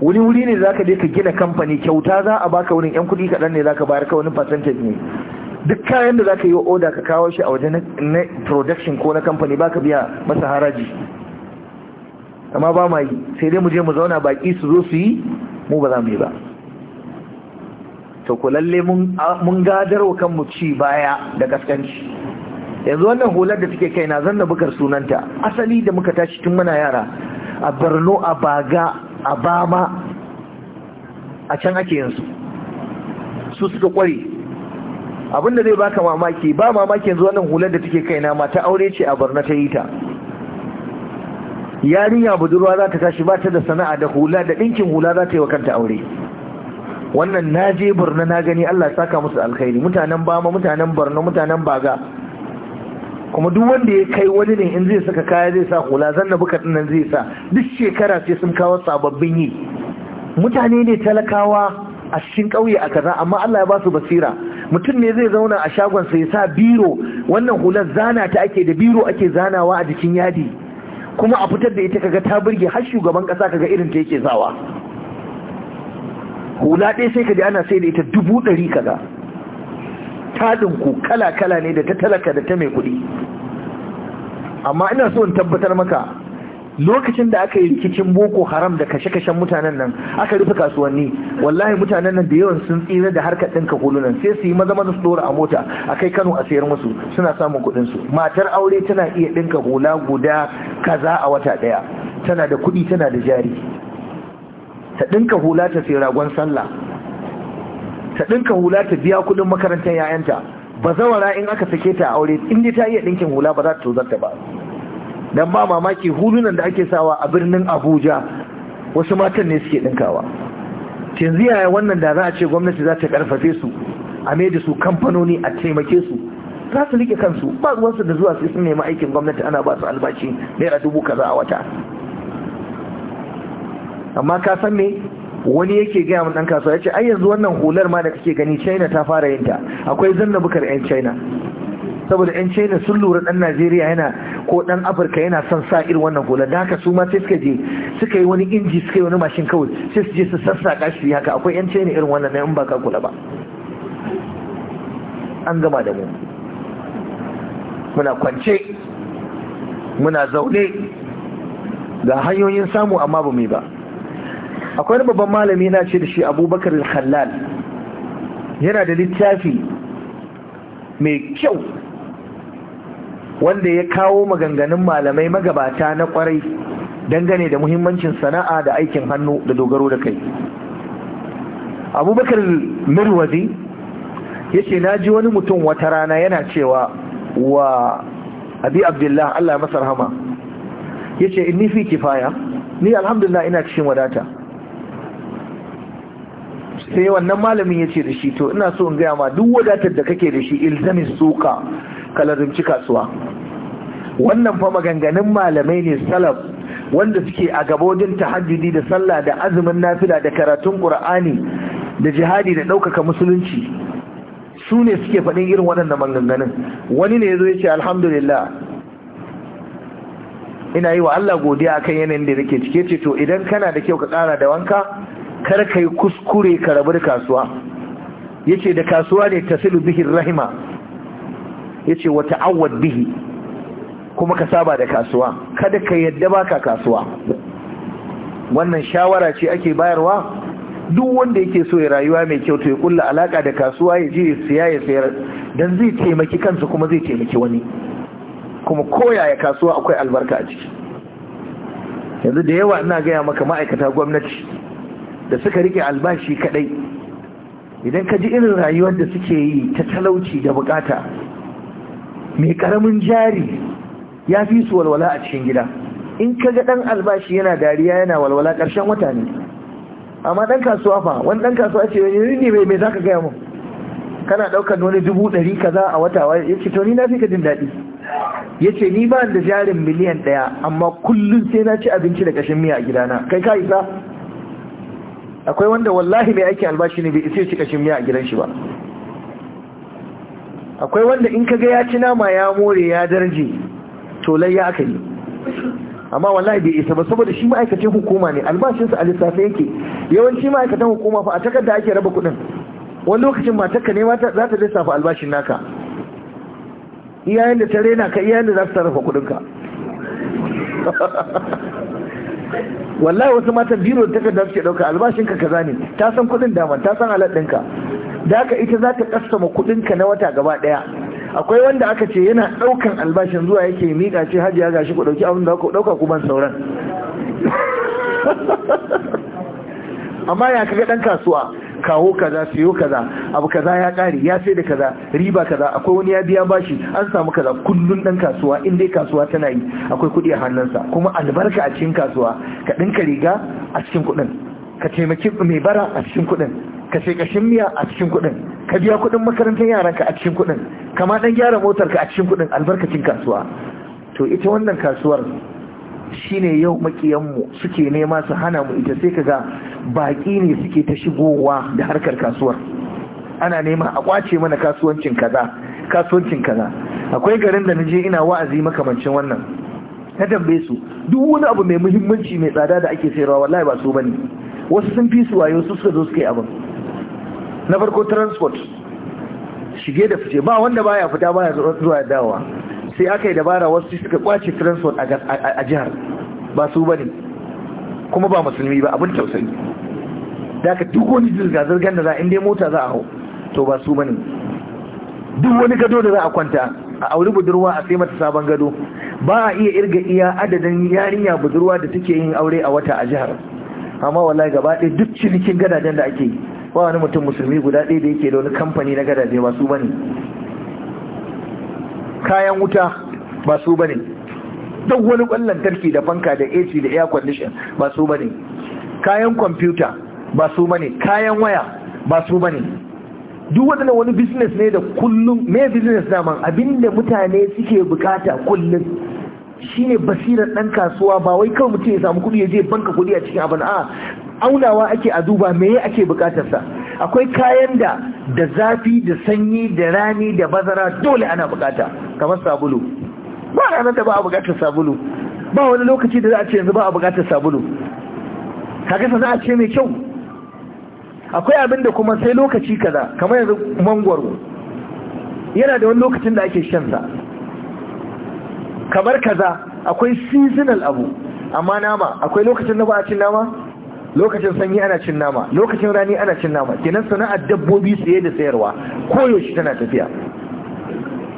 wani wuri ne za ka je ka gina kamfani kyauta za a baka wurin yan kuɗi kaɗan ne za ka bayar ka wani percentage ne duk kayan da za ka yi oda ka kawo shi a waje na production ko na kamfani ba ka biya masa haraji amma ba ma yi sai dai mu je mu zauna baki su zo su yi mu ba za mu yi ba to ku lalle mun gadar wa kanmu ci baya da kaskanci yanzu wannan hular da take kaina zan bukar sunanta asali da muka tashi tun muna yara a borno a baga a bama a can ake yansu su suka kware abinda zai baka mamaki ba mamaki yanzu wannan hular da take kaina mata aure ce a borno ta yi ta yarinya budurwa za ta tashi ba ta da sana'a da hula da ɗinkin hula za ta yi wa kanta aure wannan na je borno na gani allah saka musu alkhairi mutanen bama mutanen borno mutanen baga kuma duk wanda ya kai wani ne in zai saka kaya zai sa hula zan na buka nan zai sa duk shekara sai sun kawo sababbin yi mutane ne talakawa a cikin ƙauye a kaza amma Allah ya ba su basira mutum ne zai zauna a shagon sa ya sa biro wannan hular zana ta ake da biro ake zanawa a jikin yadi kuma a fitar da ita kaga ta burge har shugaban kasa kaga irin ta yake zawa hula ɗaya sai kaji ana sai da ita dubu ɗari kaga ku kala-kala ne da ta talaka da ta mai kuɗi amma ina so in tabbatar maka lokacin da aka yi rikicin boko haram da kashe-kashen mutanen nan aka rufe kasuwanni wallahi mutanen nan da yawan sun tsira da harkar ɗinka nan, sai su yi maza maza su dora a mota a kai kano a sayar musu suna samun kuɗin su. matar aure tana iya ɗinka hula guda kaza a wata ɗaya tana da kuɗi tana da jari ta ɗinka hula ta sai ragon sallah ta ɗinka hula ta biya kuɗin makarantar 'ya'yanta ba zawara in aka sake ta aure in ta iya ɗinkin hula ba za ta ta ba dan ba mamaki hulunan da ake sawa a birnin abuja wasu matan ne suke ɗinkawa yanzu yaya wannan da za a ce gwamnati za ta karfafe su a mai da su kamfanoni a taimake su za su rike kansu ba ruwansu da zuwa sai sun nemi aikin gwamnati ana ba su albashi naira dubu kaza a wata amma ka san me wani yake gaya mun dan kasuwa yace ai yanzu wannan hular ma da kake gani China ta fara yin ta akwai zannabukar ƴan China saboda ƴan China sun lura dan Najeriya yana ko dan Afirka yana son sa irin wannan hular da haka su ma sai suka je suka yi wani inji suka yi wani mashin kawai sai su je su sassaka shi haka akwai ƴan China irin wannan ne in ba ka kula ba an gama da mu muna kwance muna zaune ga hanyoyin samu amma ba mu ba akwai babban malami na ce da shi abubakar al yana da littafi mai kyau wanda ya kawo maganganun malamai magabata na kwarai dangane da muhimmancin sana'a da aikin hannu da dogaro da kai abubakar mirwazi ya ce na ji wani mutum wata rana yana cewa wa abi abdullahi allah masar ya ce in nifi kifaya ni alhamdulillah ina cikin wadata sai wannan malamin ya ce da shi to ina so in gaya ma duk wadatar da kake da shi ilzamin suka kalarinci kasuwa wannan fa maganganun malamai ne salaf wanda suke a gabodin tahajjudi da sallah da azumin nafila da karatun qur'ani da jihadi da ɗaukaka musulunci su ne suke faɗin irin waɗannan maganganun wani ne ya zo ya ce alhamdulillah ina yi wa Allah godiya akan yanayin da nake cike ce to idan kana da kyau ka ƙara da wanka kar ka yi kuskure ka rabu da kasuwa yace da kasuwa ne ta tasilu bihi rahima ce wata ta'awwad bihi kuma ka saba da kasuwa kada ka yadda baka kasuwa wannan shawara ce ake bayarwa duk wanda yake so ya rayuwa mai kyau to ya kulla alaka da kasuwa ya je siya ya sayar dan zai taimaki kansa kuma zai taimaki wani kuma koyaya kasuwa akwai albarka a ciki yanzu da yawa ina gaya maka ma'aikata gwamnati da suka rike albashi kadai idan ka ji irin rayuwar da suke yi ta talauci da bukata mai karamin jari ya fi su walwala a cikin gida in ka ga dan albashi yana dariya yana walwala karshen wata ne amma dan kasuwa fa wani dan kasuwa ce wani ne mai za ka gaya mu kana daukar wani dubu ɗari kaza a wata ya ce toni na fi ka jin daɗi ya ce ni ba da jarin miliyan ɗaya amma kullum sai na ci abinci da kashin miya a gidana kai ka isa akwai wanda wallahi mai aiki albashi ne bai isa shi kashin miya a gidan shi ba akwai wanda in kaga ya ci nama ya more ya darje to layya aka yi amma wallahi bai isa ba saboda shi ma'aikacin hukuma ne albashinsa a lissafe yake yawanci ma'aikatan hukuma fa a takarda ake raba kuɗin wani lokacin matarka ne za ta lissafa albashin naka iyayen da ta rena ka iyayen da za su sarrafa kuɗinka (laughs) wallahi wasu matan biro da takarda suke dauka albashinka kaza ne ta san kudin dama ta san halar ɗinka da haka ita za ta kassama kuɗinka na wata gaba daya akwai wanda aka ce yana ɗaukan albashin zuwa yake miƙa ce hajiya gashi ku dauki abin da ku ɗauka ku ban sauran (laughs) amma ya kaga dan kasuwa kawo kaza siyo kaza abu kaza ya kare ya sai da kaza riba kaza akwai wani ya biya bashi an samu kaza kullun dan kasuwa in dai kasuwa tana yi akwai kudi a hannunsa kuma albarka a cikin kasuwa ka dinka riga a cikin kudin ka taimaki mai bara a cikin kudin ka sai kashin miya a cikin kudin ka biya kudin makarantar yaranka a cikin kudin kama dan gyara motarka a cikin kudin albarkacin kasuwa to ita wannan kasuwar shine yau makiyanmu suke nema su hana mu ita sai ka ga baƙi ne suke ta shigowa da harkar kasuwar ana nema a kwace mana kasuwancin kaza kasuwancin kaza akwai garin da naje ina wa'azi makamancin wannan na tambaye su duk wani abu mai muhimmanci mai tsada da ake sayarwa wallahi ba su bane wasu sun fi su wayo su suka zo suka yi abin na farko transport shige da fice ba wanda baya fita baya zuwa dawowa sai aka yi dabara wasu suka kwace transport a jihar ba su ba ne kuma ba musulmi ba abin tausayi da aka duk wani zirga-zirgar da za a inda mota za a hau to ba su ba ne duk wani gado da za a kwanta a auri budurwa a sai mata sabon gado ba a iya irga iya adadin yarinya budurwa da take yin aure a wata a jihar amma wallahi gaba ɗaya duk cinikin gadajen da ake yi ba wani mutum musulmi guda ɗaya da yake da wani kamfani na gadaje masu bane kayan wuta ba su ba ne, don wani kwallon lantarki da fanka da AC da air condition ba su bane kayan kwamfuta ba su bane kayan waya ba su bane duk wadanda wani business ne da kullum me business daman abinda mutane suke bukata kullum shine basirar ɗan kasuwa ba wai kawai mutum ya samu kuɗi ya je banka kuɗi a cikin abin a aunawa ake a duba me ake bukatarsa akwai kayan da da zafi da sanyi da rani da bazara dole ana bukata kamar sabulu ba ranar da ba a bukatar sabulu ba wani lokaci da za a ce yanzu ba a bukatar sabulu za a ce mai kyau akwai abin da kuma sai lokaci kaza kamar yanzu mangwaro yana da wani lokacin da ake shansa kamar kaza akwai seasonal abu amma nama akwai lokacin da ba a cin nama lokacin sanyi ana cin nama lokacin rani ana cin nama kenan sana'ar dabbobi saye da sayarwa koyaushe tana tafiya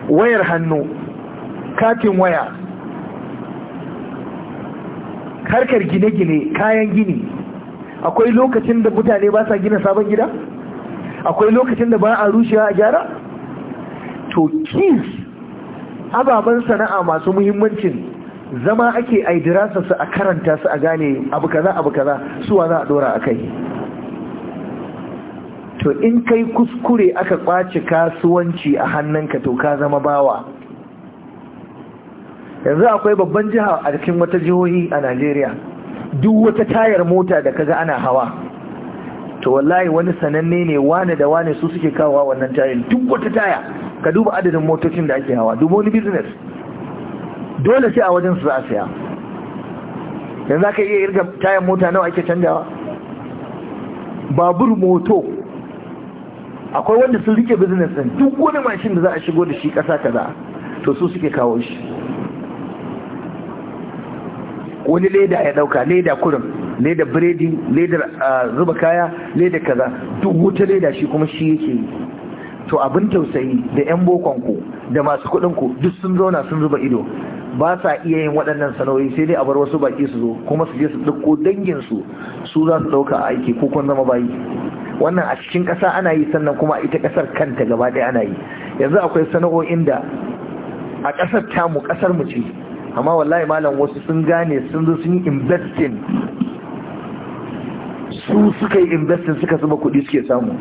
wayar hannu katin waya harkar gine-gine kayan gini akwai lokacin da mutane ba sa gina sabon gida akwai lokacin da ba a rushewa a gyara to kins ababen sana'a masu muhimmancin zama ake a dirasa su a karanta su a gane abu kaza abu kaza suwa za a dora a kai to in kai kuskure aka kwace kasuwanci a hannunka to ka zama bawa yanzu akwai babban jiha a cikin wata jihohi a najeriya duk wata tayar mota da kaga ana hawa to wallahi wani sananne ne wane da wane su suke kawowa wannan tayar duk wata taya ka duba adadin motocin da ake hawa duba wani business dole sai a wajen su za a yanzu aka iya irga tayan mota nawa ake canjawa babur moto akwai wanda sun rike business din duk wani mashin da za a shigo da shi kasa kaza to su suke kawo shi wani leda ya dauka leda kurum leda biredi leda zuba kaya leda kaza duk wuta leda shi kuma shi yake to abin tausayi da 'yan bokonku da masu ku duk sun zauna sun zuba ido ba sa iya yin waɗannan sana'o'i sai dai a bar wasu baki su zo kuma su je su ɗauko dangin su su za su ɗauka a aiki ko kun zama bayi wannan a cikin ƙasa ana yi sannan kuma ita ƙasar kanta gaba ɗaya ana yi yanzu akwai sana'o'in da a ƙasar tamu ƙasar mu ce amma wallahi malam wasu sun gane sun zo sun yi investing su suka yi investing suka zuba kuɗi suke samu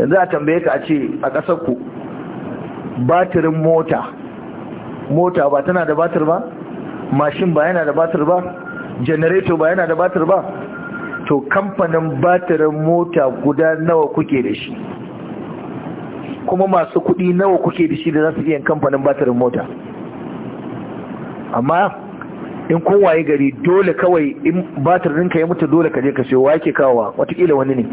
yanzu a tambaye ka a ce a ƙasar ku batirin mota mota ba tana da batir ba mashin ba yana da batir ba janareto ba yana da batir ba to kamfanin batirin mota guda nawa kuke da shi kuma masu kuɗi nawa kuke da shi da za su iya kamfanin batirin mota amma in kowaye gari dole kawai in batir ka ya mutu dole ka je ka sayo wa yake kawowa watakila wani ne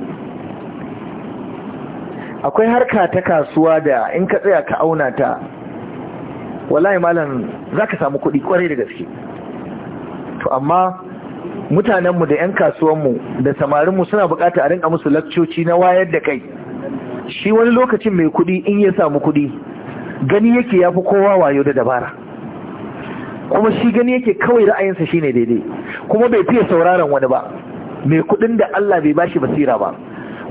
akwai harka ta kasuwa da in ka tsaya ka auna ta wallahi malam za ka samu kuɗi kwarai da gaske to amma mutanenmu da 'yan kasuwanmu da samarinmu suna bukata a rinka musu lakcoci na wayar da kai shi wani lokacin mai kuɗi in ya samu kuɗi gani yake ya fi kowa wayo da dabara kuma shi gani yake kawai ra'ayinsa shine daidai kuma bai fiye sauraron wani ba mai kuɗin da Allah bai bashi basira ba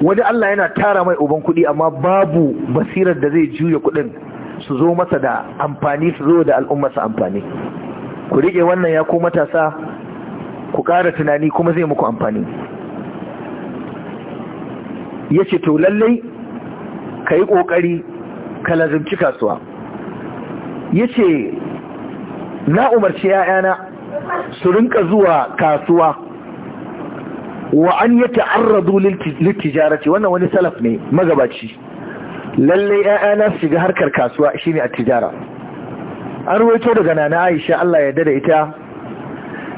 wani Allah yana tara mai uban kuɗi amma babu basirar da zai juya kuɗin su zo masa da amfani su zo da al'ummarsa amfani ku riƙe wannan ya ko matasa ku ƙara tunani kuma zai muku amfani ya ce to lallai ka yi ƙoƙari ka lazimci kasuwa ya ce na umarci ‘ya'yana su rinka zuwa kasuwa wa an ya ta'arradu littijarati wannan wani salaf ne magabaci lalle ‘ya'yana su shiga harkar kasuwa shine a tijara an ruwaito daga nana aisha Allah ya dada ita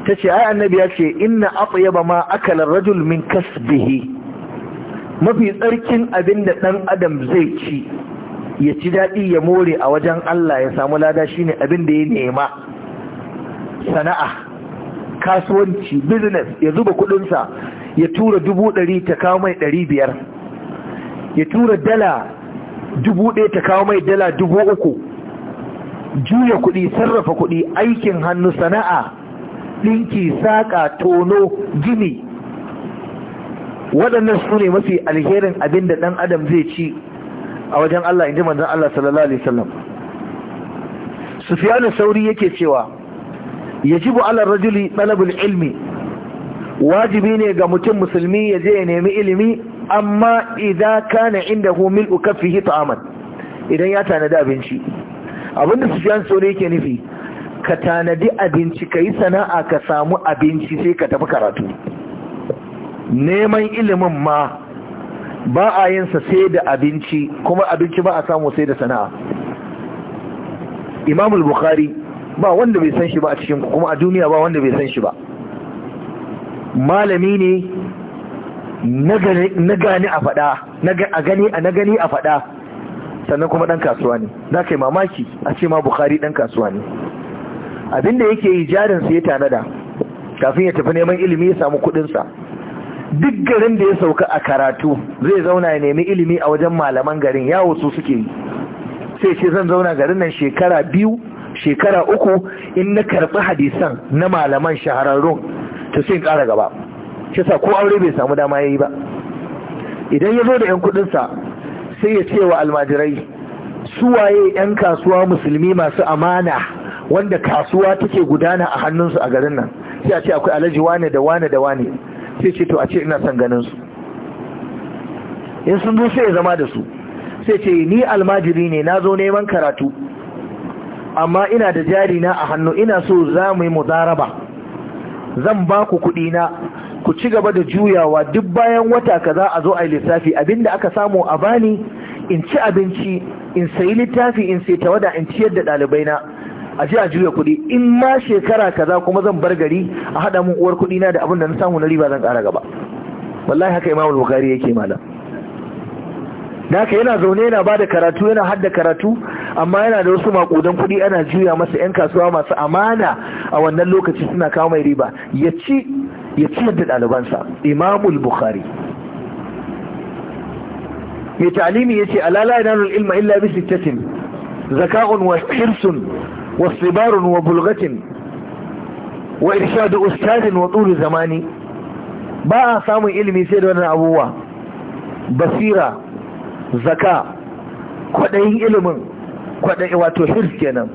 ta ce ai annabi ya ce inna ba ma akala rajul min kasbihi mafi tsarkin abin da ɗan adam zai ci ya ci daɗi ya more a wajen Allah ya samu lada shine abin da ya nema sana'a kasuwanci business ya zuba kudinsa ya tura dubu ɗari ta kawo mai ɗari biyar ya tura dala dubu ɗaya ta kawo mai dala dubu uku juya kuɗi sarrafa kuɗi aikin hannu sana'a ɗinki saƙa tono gini waɗannan su ne mafi alherin abin da ɗan adam zai ci a wajen Allah in ji manzan Allah sallallahu alaihi wasallam sufiyanu sauri yake cewa ya yajibu ala rajuli talabul ilmi wajibi ne ga mutum musulmi ya je ya nemi ilimi amma idan kana indahu mil'u kaffihi ta'aman idan ya tanadi abinci abinda Sufyan tsoro yake nufi ka tanadi abinci ka yi sana'a ka samu abinci sai ka tafi karatu neman ilimin ma ba a yin sa sai da abinci kuma abinci ba a samu sai da sana'a Imamul bukhari ba wanda bai san shi ba a cikin kuma a duniya ba wanda bai san shi ba malami ne na gani a faɗa a gani a na gani a faɗa sannan kuma ɗan kasuwa ne za ka mamaki a ce ma bukari ɗan kasuwa ne abinda yake yi jarinsa ya tanada kafin ya tafi neman ilimi ya samu kuɗinsa duk garin da ya sauka a karatu zai zauna ya nemi ilimi a wajen malaman garin yawo su suke yi sai ce zan zauna garin nan shekara biyu shekara uku in na karɓi hadisan na malaman shahararrun ta sai ƙara gaba shi sa ko aure bai samu dama yayi ba idan ya zo da 'yan kudinsa sai ya ce wa su waye 'yan kasuwa musulmi masu amana wanda kasuwa take gudana a hannunsu a garin nan sai a ce akwai alaji wane da wane da wane sai ce to a ce ina son ganinsu in sun zo sai ya zama da su sai ce ni almajiri ne na zo neman karatu amma ina da jari na a hannu ina so za mu yi mudaraba zan ba ku kuɗi na ku ci gaba da juyawa duk bayan wata kaza a zo a yi lissafi abinda aka samu a bani in ci abinci in sayi littafi in sai tawada in ciyar da ɗalibai na a ji a juya kuɗi in ma shekara kaza kuma zan bar gari a haɗa mun uwar kuɗi na da abinda da na samu na riba zan ƙara gaba wallahi haka imamul bukari yake malam da haka yana zaune yana ba da karatu yana hadda karatu amma yana da wasu makudan kuɗi ana juya masa 'yan kasuwa masu amana a wannan lokaci suna kawo mai riba ya ci ɗalibansa imamul bukhari mai talimi ya ce alala nul ilma illa bi sittatin zaka'un wa hirsun wa sibarun wa bulgatin wa irshadu ustadin wa tsuri zamani ba a samun ilimi sai da wannan abubuwa basira zaka kwaɗayin ilimin kwaɗayi wato hirs kenan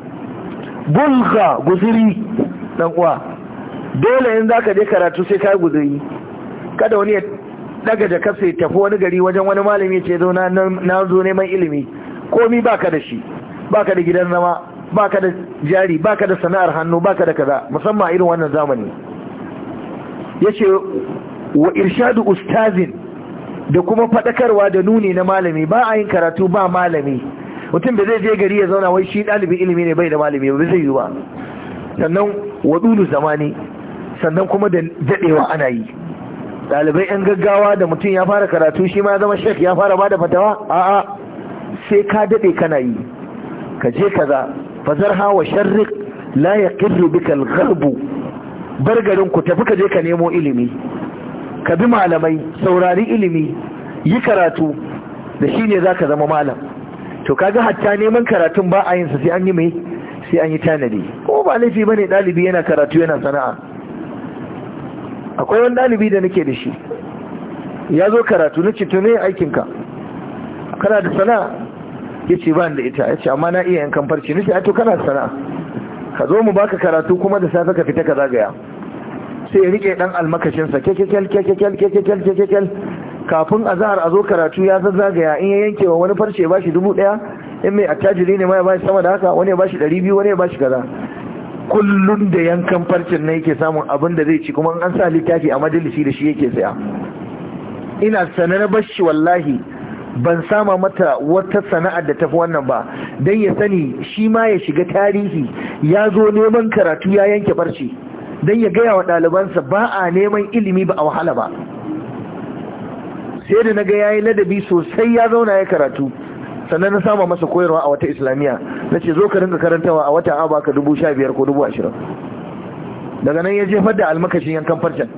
bulga guziri dan uwa dole za zaka je karatu sai ka guziri kada wani ya ɗaga da kasa tafi wani gari wajen wani malami ce zo na zo neman ilimi komi baka da shi baka da gidan zama baka da jari baka da sana'ar hannu baka da kaza musamman irin wannan zamani Ya ce wa irshadu ustazin da kuma faɗakarwa da nuni na malami ba a yin karatu ba malami mutum da zai je gari ya zauna wai shi dalibi ilimi ne bai da malami ba zai yi ba sannan wadulu zamani sannan kuma da daɗewa ana yi Dalibai 'yan gaggawa da mutum ya fara karatu shi ma ya zama shek ya fara ba da fatawa a'a sai ka daɗe kana yi ka je kaza fazar hawa sharrik la ya bika bar garin ku tafi ka je ka nemo ilimi ka bi malamai saurari ilimi yi karatu da shi ne za ka zama malam to kaga hatta neman karatun ba a yinsa sai an yi mai sai an yi tanadi ko ba laifi ba ne ɗalibi yana karatu yana sana'a akwai wani ɗalibi da nake da shi ya zo karatu na ce tuni aikinka kana da sana'a ya ce ba da ita ya ce amma na iya yankan farce nace a to kana sana'a ka zo mu baka karatu kuma da safe ka fita ka zagaya sai ya rike dan almakashinsa kekekel kekekel kekekel kekekel kafin azhar a zo karatu ya zazzagaya in ya yanke wa wani farce ba shi dubu daya in mai attajiri ne ma ya bashi sama da haka wani ya bashi shi ɗari biyu wani ya bashi kaza kullum da yankan farcen na yake samun abin da zai ci kuma an sa littafi a majalisi da shi yake saya ina sanar bashi wallahi ban sama mata wata sana'ar da tafi wannan ba don ya sani shi ma ya shiga tarihi ya zo neman karatu ya yanke farce. don ya gaya wa ɗalibansa ba a neman ilimi ba a wahala ba sai da na ga yayi ladabi sosai ya zauna ya karatu sannan na sama masa koyarwa a wata islamiyya na ce zo ka rinka karantawa a wata aba ka dubu sha biyar ko dubu ashirin daga nan ya jefar da almakashin yankan farcen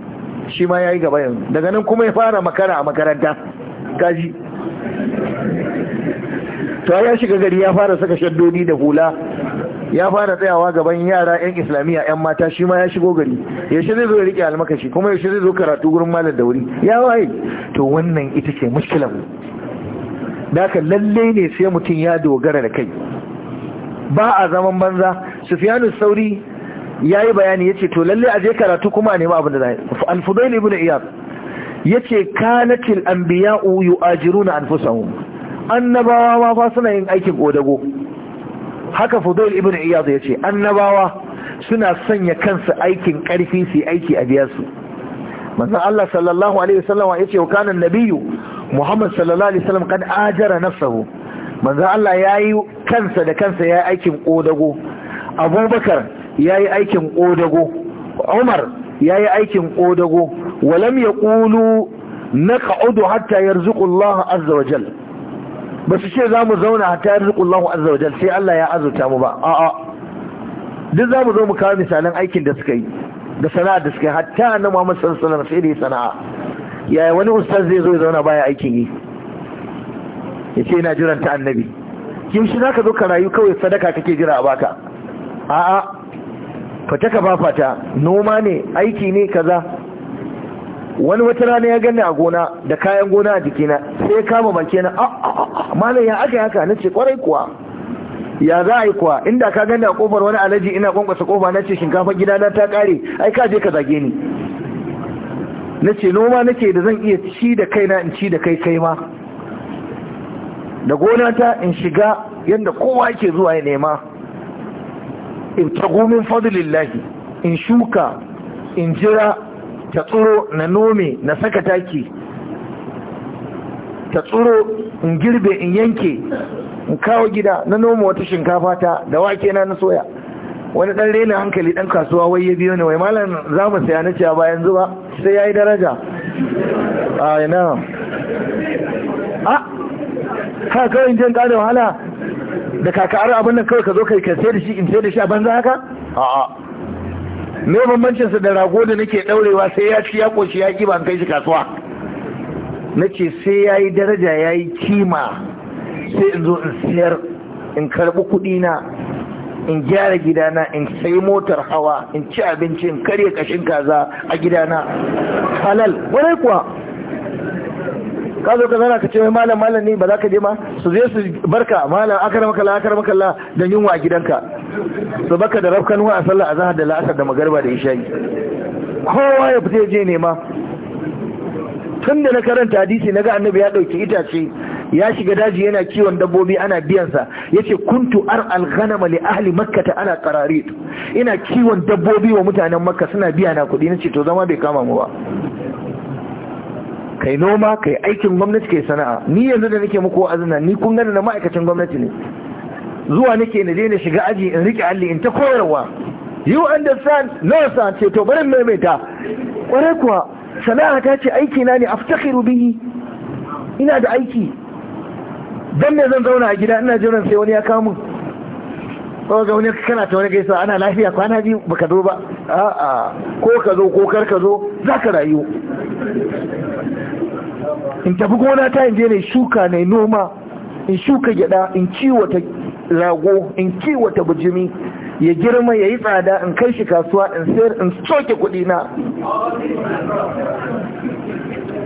shi ma ya yi gaba yanzu daga nan kuma ya fara makara a makaranta gaji to ya shiga gari ya fara saka shaddoni da hula ya fara tsayawa gaban yara yan islamiyya yan mata shi ma ya shigo gari shi zai zo rike almakashi kuma shi zai zo karatu gurin malam da wuri ya waye to wannan ita ce mushkilar mu aka lalle ne sai mutum ya dogara da kai ba a zaman banza sufyanu sauri yayi bayani yace to lalle je karatu kuma a nemi abin da zai al-fudail ibn iyad yace kanatil anbiya'u yu'ajiruna anfusahum annabawa ma fa suna yin aikin odago. haka fudail ibn iyad ya ce annabawa suna sanya kansu aikin karfi su aiki a biya su manzon Allah sallallahu alaihi wasallam ya wa kana nabiyyu Muhammad sallallahu alaihi wasallam kad ajara nafsahu manzon Allah yayi kansa da kansa yayi aikin kodago Abubakar yayi aikin kodago Umar yayi aikin kodago walam yaqulu naq'udu hatta yarzuqu Allah azza wa jalla ba su ce za mu zauna hata ya riƙullahu azza sai Allah ya azurta mu ba a'a duk za mu zo mu kawo misalan aikin da suka yi da sana'a da suka yi hatta na Muhammad sallallahu sai da sana'a yaya wani ustaz zai zo ya zauna baya aikin yi ya ce yana jiran ta annabi Kim shi ka zo ka rayu kawai sadaka kake jira a baka a'a fata ka ba fata noma ne aiki ne kaza wani wata rana ya gani a gona da kayan gona a jikina sai ya kama baki na ah, ah, ah, mana ya aka haka na ce kwarai kuwa ya za a yi kuwa inda ka ganda kofar wani alaji ina kwankwasa kofa na ce shinkafa na ta kare ai ka je ka zage ni na ce noma nake da zan iya ci da kaina in ci da kai kai ma da gonata in shiga yadda kowa yake zuwa ya nema in tago min fadlillahi in shuka in jira ta tsoro na nome na saka taki ta tsuro in girbe in yanke in kawo gida na noma wata shinkafa ta da wake na soya wani dan rena hankali dan kasuwa wai ya biyo ne wai malam za mu saya na ciya bayan zuba sai yayi daraja a ina a ka kawai jin kada wahala da kaka'ar abin nan kawai ka zo kai ka sai da shi in sai da shi a banza haka a a me bambancin sa da rago da nake daurewa sai ya ci ya koshi ya ki ban kai shi kasuwa na ce sai ya yi daraja ya yi kima sai in zo in siyar in karɓi na, in gyara gidana in sai motar hawa in ci abinci in karye kashin kaza a gidana halal wani kuwa ka zo ka zana ka ce mai malam malam ne ba za ka je ma su zai su barka malam akar makalla akar makalla don yunwa a gidanka su baka da rafkanuwa a sallah a zahar da la'asar da magarba da isha'i kowa ya fita je nema tun da na karanta hadisi ga annabi ya ɗauki itace ya shiga daji yana kiwon dabbobi ana biyansa ya ce kuntu ar al ghanama li ahli ta ana qararit ina kiwon dabbobi wa mutanen makka suna biya na kuɗi nace to zama bai kama mu ba kai noma kai aikin gwamnati kai sana'a ni yanzu da nake muku azina ni kun gane na ma'aikacin gwamnati ne zuwa nake na je na shiga aji in rike alli in ta koyarwa you understand no sir ce to bari maimaita kwarai kuwa sana'a ta ce aiki na ne a bihi ina da aiki Don me zan zauna a gida ina jiran sai wani ya kamun kawai ko ga wani kana ta wani gaisa ana lafiya kwana biyu baka zo ba a'a ko ka zo ko kar ka zo za ka rayu in tafi gona ta in je ne shuka ne noma in shuka gyada in kiwata rago in kiwata bujimi ya girma ya yi tsada in kai shi kasuwa in sayar in soke kuɗi na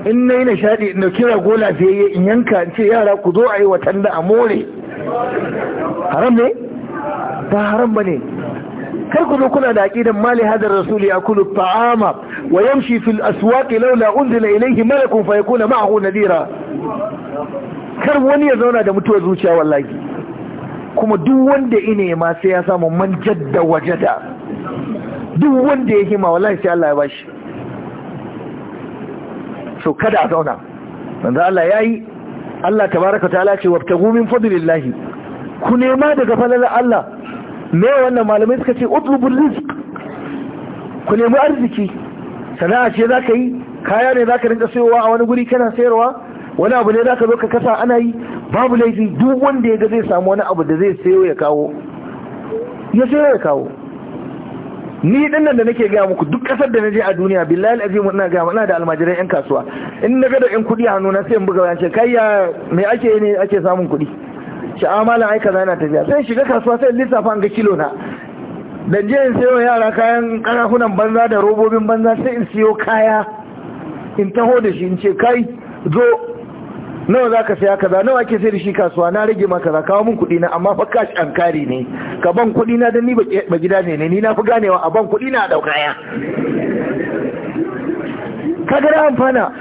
in na yi nishaɗi in dauki rago lafiyayye in yanka in ce yara ku zo a yi watan da a more haram ne ba haram ba ne kar ku zo kuna da aqidan mali hadar rasuli yakulu ta'ama wa yamshi fil aswaq laula unzila ilayhi malakun fayakuna ma'ahu nadira kar wani ya zauna da mutuwar zuciya wallahi kuma duk wanda ine ma sai ya samu man jadda wajada duk wanda ya hima wallahi sai Allah ya bashi so kada a zauna manzo Allah yayi Allah tabaaraka ta'ala ce wabtagu min fadlillahi ku nema daga falala Allah me wannan malamai suka ce utlubul rizq ku nemi arziki sana'a ce zaka yi kaya ne zaka rinka sayowa a wani guri kana sayarwa wani abu ne ka zo ka kasa ana yi babu laifi duk wanda ya ga zai samu wani abu da zai sayo ya kawo ya sayo ya kawo ni din nan da nake gaya muku duk kasar da na je a duniya billahi alazim ina gaya ina da almajiran yan kasuwa in na ga da yan kudi a hannuna sai in buga wani kai ya me ake ne ake samun kudi shi amalan ah, ai kaza tafiya sai shiga kasuwa sai lissafa ga kilo na dan je in sayo yara kayan karafunan banza da robobin banza sai in siyo kaya in taho da shi in ce kai zo nawa za ka saya kaza nawa ake sai da shi kasuwa na rage maka za kawo min kudi na amma fa kashi an kare ne ka ban kuɗi na dan ni ba gida ne ne ni na fi ganewa a ban kuɗi na a ɗauka ya ka gara amfana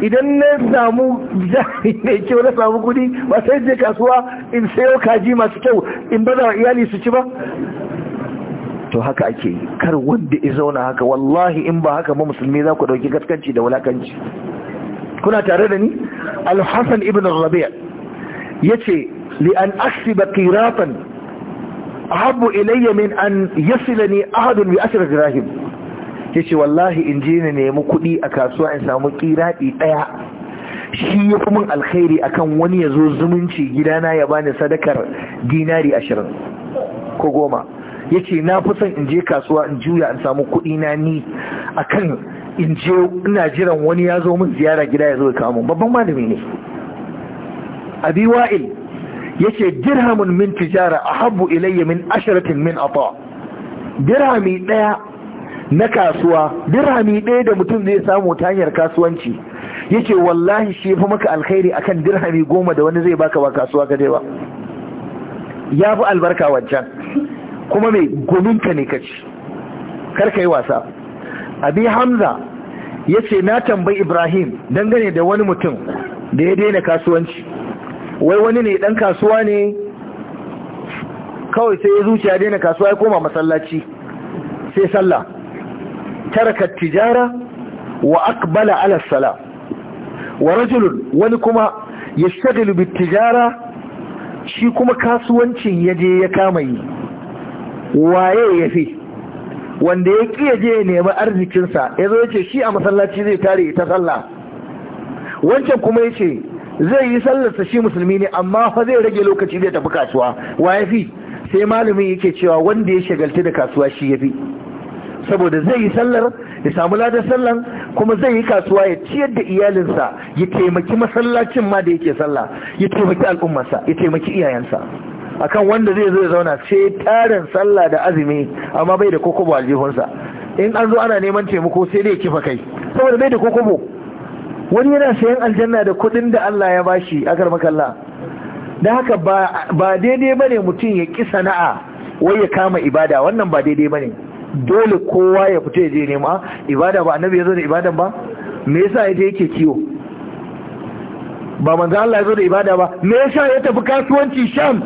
idan na samu jari ne kyau na samu kuɗi ba sai je kasuwa in sayo kaji masu kyau in bada iyali su ci ba to haka ake kar wanda ya zauna haka wallahi in ba haka ba musulmi za ku ɗauki gaskanci da wulakanci kuna tare da ni al-hassan ibn rabi' yace li an aksiba qiratan ahabbu ilayya min an yasilani ahadun bi ashra dirahim yace wallahi in je ne nemi kuɗi a kasuwa in samu kiraɗi ɗaya. shi ya fi min alkhairi akan wani ya zo zumunci gidana ya bani sadakar dinari ashirin ko goma yace na fi son in je kasuwa in juya in samu kuɗi na ni akan in je ina jiran wani ya zo min ziyara gida ya zo ya kawo babban malami ne abi wa'il yace dirhamun min tijara ahabbu ilayya min asharatin min ata dirhami daya na kasuwa dirhami daya da mutum zai samu ta hanyar kasuwanci yace wallahi shi fi maka alkhairi akan dirhami goma da wani zai baka ba kasuwa ka ba ya fi albarka wancan kuma mai gominka ne kaci ka yi wasa abi hamza ya ce na tambayi ibrahim dangane da wani mutum da ya daina kasuwanci wai wani ne dan kasuwa ne kawai sai ya zuciya daina kasuwa ya koma masallaci sai sallah taraka tijara wa akbala ala sala wa rajulun wani kuma ya bit tijara shi kuma kasuwancin yaje ya kama yi waye ya fi? wanda ya ƙi je ya nemi arzikinsa ya zo yace shi a masallaci zai tare ita sallah wancan kuma ya ce zai yi sallarsa shi musulmi ne amma fa zai rage lokaci zai tafi kasuwa wa ya fi sai malamin yake cewa wanda ya shagaltu da kasuwa shi ya fi saboda zai yi sallar ya samu ladar sallan kuma zai yi kasuwa ya ciyar da iyalinsa ya taimaki masallacin ma da yake sallah ya taimaki al'ummarsa ya taimaki iyayensa akan wanda zai zo ya zauna ce tarin sallah da azumi amma bai da kokobo aljihunsa in an zo ana neman taimako sai dai kifa kai saboda bai da kokobo wani yana sayan aljanna da kuɗin da Allah ya bashi a makalla da haka ba daidai bane mutum ya ki sana'a wai ya kama ibada wannan ba daidai bane dole kowa ya fita ya je nema ibada ba annabi ya zo da ibadan ba me yasa ya yake kiwo ba manzo Allah ya zo da ibada ba me yasa ya tafi kasuwanci sham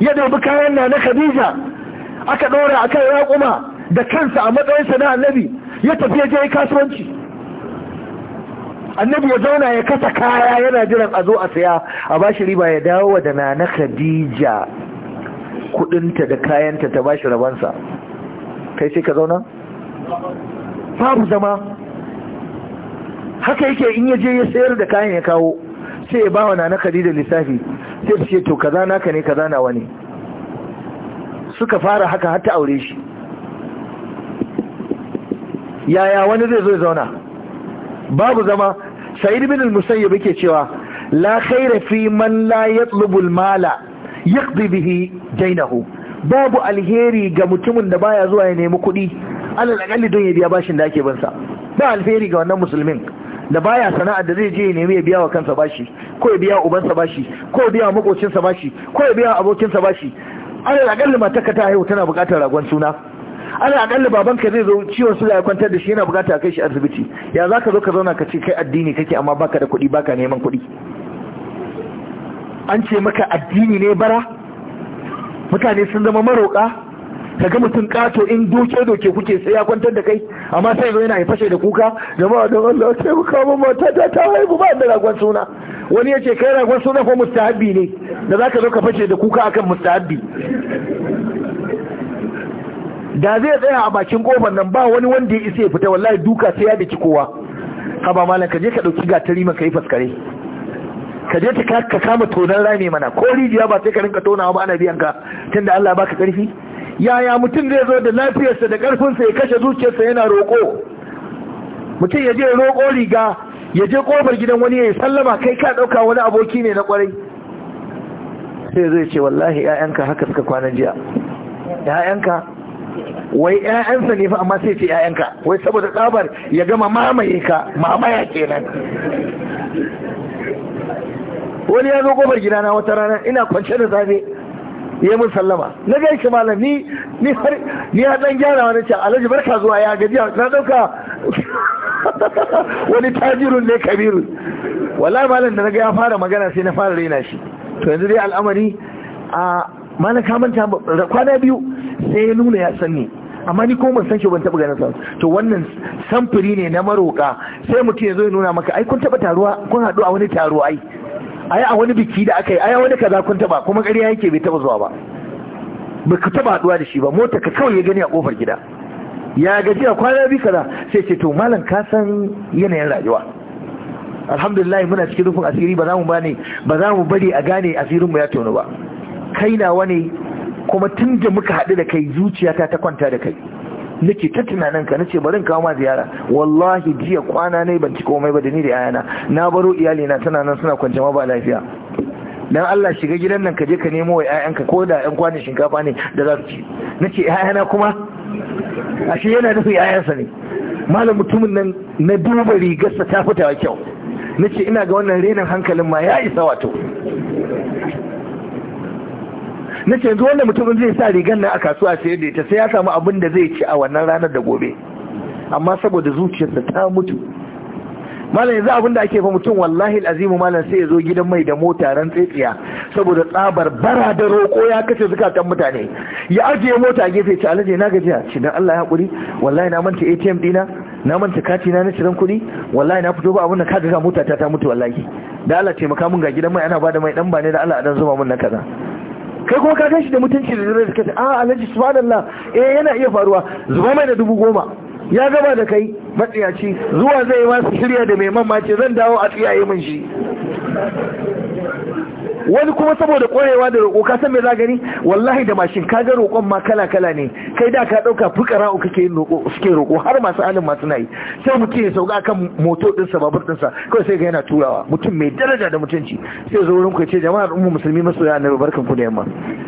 ya dubi kayan na na khadija aka ɗaura a kan raƙuma da kansa a matsayinsa na annabi ya tafi ya je kasuwanci annabi ya zauna ya kasa kaya yana jiran a zo a saya a bashi riba ya dawo da na na khadija kudinta da kayanta ta bashi rabansa kai sai ka zauna? babu zama haka yake in ya je ya sayar da kayan ya kawo sai ya bawa na na khadija lissafi sai ce to kaza naka ne kaza nawa ne suka fara haka har ta aure shi yaya wani zai zo zauna babu zama sa'id bin al-musayyib yake cewa la khayra fi man la yatlubu al-mala yaqdi bihi dainahu babu alheri ga mutumin da baya zuwa ya nemi kuɗi alal akalli don ya biya bashin da ake bansa ba alheri ga wannan musulmin da baya sana'ar da zai je ya nemi ya biya wa kansa bashi ko ya biya ubansa bashi ko ya biya wa makocinsa bashi ko ya biya abokinsa bashi ana akalli matarka ta haihu tana bukatar ragon suna ana akalli babanka zai zo ciwon suga ya kwantar da shi yana bukata kai shi asibiti ya za ka zo ka zauna ka ce kai addini kake amma baka da kuɗi baka neman kuɗi an ce maka addini ne bara mutane sun zama maroƙa kaga mutum kato in doke doke kuke sai ya kwantar da kai amma sai zo yana ya fashe da kuka jama'a don Allah sai ku kawo mata ta ta haihu ba da ragon suna wani yace kai ragon suna ko mustahabi ne da zaka zo ka fashe da kuka akan mustahabi da zai tsaya a bakin kofar nan ba wani wanda ya isa ya fita wallahi duka sai ya daki kowa haba malam ka je ka dauki gatari maka yi faskare ka je ka kama tonan rami mana ko rijiya ba sai ka rinka tonawa ba ana biyan ka tunda Allah ya baka karfi yaya mutum zai zo da lafiyarsa da ƙarfinsa ya kashe zuciyarsa yana roƙo mutum ya je roƙo riga ya je ƙofar gidan wani ya yi sallama kai ka ɗauka wani aboki ne na ƙwarai sai zai ce wallahi 'ya'yanka haka suka kwana jiya 'ya'yanka wai 'ya'yansa ne fa amma sai ce 'ya'yanka wai saboda tsabar ya gama mamaye ka mamaya kenan wani ya zo ƙofar gidana wata rana ina kwance da zafi ya mun sallama na gai shi malam ni ni har ni har dan gyara wani ce alhaji barka zuwa ya gaji na dauka (laughs) wani tajirun ne kabirun wallahi malam da naga ya fara magana sai na fara raina shi to yanzu dai al'amari a malam ka manta kwana biyu sai ya nuna ya ni, amma ni ko ban san shi ban taba ganin sa to wannan samfuri ne na maroka sai mutum ya zo ya nuna maka ai kun taba taruwa kun haɗu a wani taro ai ai a wani biki da aka yi aya wani kaza kun taba kuma ƙarya yake bai taba zuwa ba ba ka taba haduwa da shi ba mota ka kawai ya gani a kofar gida ya gaji a kwana biyu kaza sai ce to malam ka san yanayin rayuwa alhamdulillah muna cikin rufin asiri ba za mu bane ba za mu bari a gane asirin mu ya tono ba kai nawa ne kuma tun da muka haɗu da kai zuciyata ta kwanta da kai nake ta tunanin ka nace bari kawo ma ziyara wallahi jiya kwana ne ban ci komai ba da ni da yayana na baro iyali na tana nan suna kwance ma ba lafiya dan Allah shiga gidan nan ka je ka nemo wa ƴaƴanka ko da ƴan kwana shinkafa ne da za su ci nace ƴaƴana kuma ashe yana nufin ƴaƴansa ne malam mutumin nan na duba rigarsa ta fita kyau nace ina ga wannan renin hankalin ma ya isa wato na ce yanzu wanda mutumin zai sa rigar nan a kasuwa sai da ita sai ya samu abin da zai ci a wannan ranar da gobe amma saboda zuciyarsa ta mutu malam yanzu abin da ake fa mutum wallahi azimu malam sai ya zo gidan mai da mota ran tsaitsiya saboda tsabar bara da roƙo ya kace zukatan mutane ya ajiye mota gefe ta alaje na gajiya ci dan Allah ya kuri wallahi na manta ATM dina na manta kati na na ciran kuɗi wallahi na fito ba abin da ka ga mota ta ta mutu wallahi da Allah taimaka mun ga gidan mai ana bada mai dan bane da Allah a dan zuma mun na kaza kai kuma ka gan shi da mutunci da zai kace a ah, alhaji subhanallah eh yana iya faruwa zuba mai da dubu goma ya gaba da kai matsiyaci zuwa zai yi su shirya da mai mamaci, zan dawo a tsiyaye mun shi wani kuma saboda ƙwarewa da roƙo ka san me za wallahi da mashin ka ga roƙon ma kala kala ne kai da ka ɗauka fukara uku kake yin roƙo suke roƙo har masu alin masu nayi sai mutum ya sauka kan moto ɗinsa babur ɗinsa kawai sai ga yana turawa mutum mai daraja da mutunci sai zo wurin ku ce jama'ar ummu musulmi masoya na barkan ku da yamma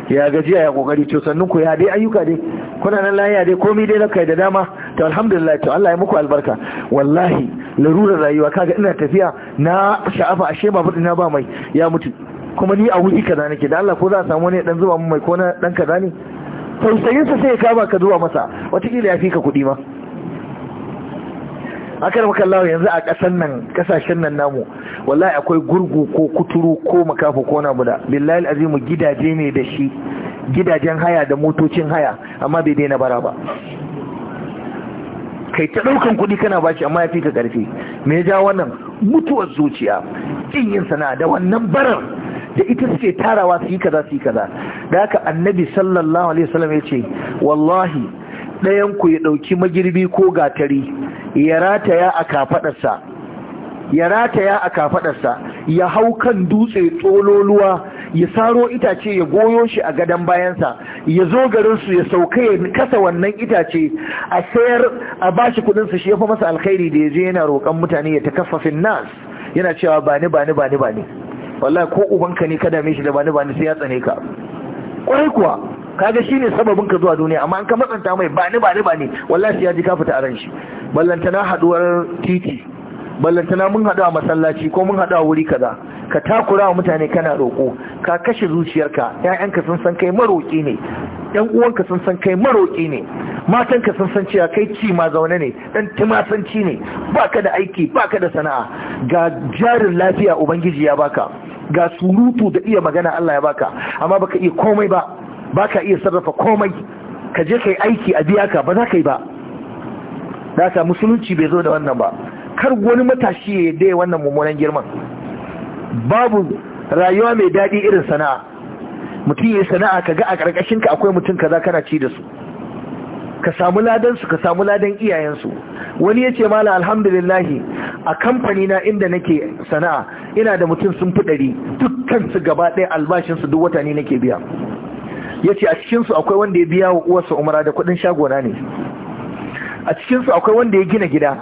ya gajiya ya kokari to sannan ku ya dai ayyuka dai kuna nan lafiya dai komai dai na kai da dama to alhamdulillah to Allah ya muku albarka wallahi larurar rayuwa kaga ina tafiya na sha'afa ashe babur ɗina ba mai ya mutu kuma ni a wuri kaza nake da Allah ko za a samu ne dan zuba mai ko na dan kaza ne tausayin sa sai ya kama ka zuwa masa watakila ya fi ka kuɗi ma akar maka Allah yanzu a kasan nan kasashen nan namu wallahi akwai gurgu ko kuturu ko makafu ko na buda billahi azimu gidaje ne da shi gidajen haya da motocin haya amma bai daina bara ba kai ta ɗaukan kuɗi kana bashi amma ya fi ka karfi me ya ja wannan mutuwar zuciya kin yin sana'a da wannan barar da ita suke tarawa su yi kaza su yi kaza da haka annabi sallallahu alaihi wasallam ya ce wallahi ɗayan ku ya ɗauki magirbi ko gatari ya rataya a kafaɗarsa ya rataya a kafaɗarsa ya hau kan dutse tsololuwa ya saro itace ya goyo shi a gadon bayansa ya zo garinsu ya sauka ya kasa wannan itace a sayar a bashi kudinsa shi ya fi masa alkhairi da ya je yana roƙon mutane ya kafafin nas yana cewa bani bani bani bani wallahi ko ubanka ne ka dame shi da bani bani sai ya tsane ka kwai kuwa kaga shine sababin ka zuwa duniya amma an ka matsanta mai bani bani bani wallahi sai ya ji ka fita a ran shi ballantana haduwar titi ballantana mun haɗu a masallaci ko mun haɗu a wuri kaza ka takura wa mutane kana roko ka kashe zuciyarka ƴaƴanka sun san kai maroki ne ƴan uwanka sun san kai maroki ne matanka sun san cewa kai ci ma zaune ne dan timasanci ne baka da aiki baka da sana'a ga jarin lafiya ubangiji ya baka ga surutu da iya magana Allah ya baka amma baka iya komai ba baka iya sarrafa komai ka je kai aiki a biya ka ba za ka yi ba da musulunci bai zo da wannan ba kar wani matashi ya dai wannan mummunan girman babu rayuwa mai daɗi irin sana'a mutum ya yi sana'a ka ga a ƙarƙashinka akwai mutum kaza kana ci da su ka samu ladansu ka samu ladan iyayensu wani ya ce mala alhamdulillahi a kamfani na inda nake sana'a ina da mutum sun fi ɗari dukkan su gaba ɗaya albashinsu duk wata ne nake biya ya ce a cikinsu akwai wanda ya biya wa uwarsa umara da kuɗin shagona ne a cikinsu akwai wanda ya gina gida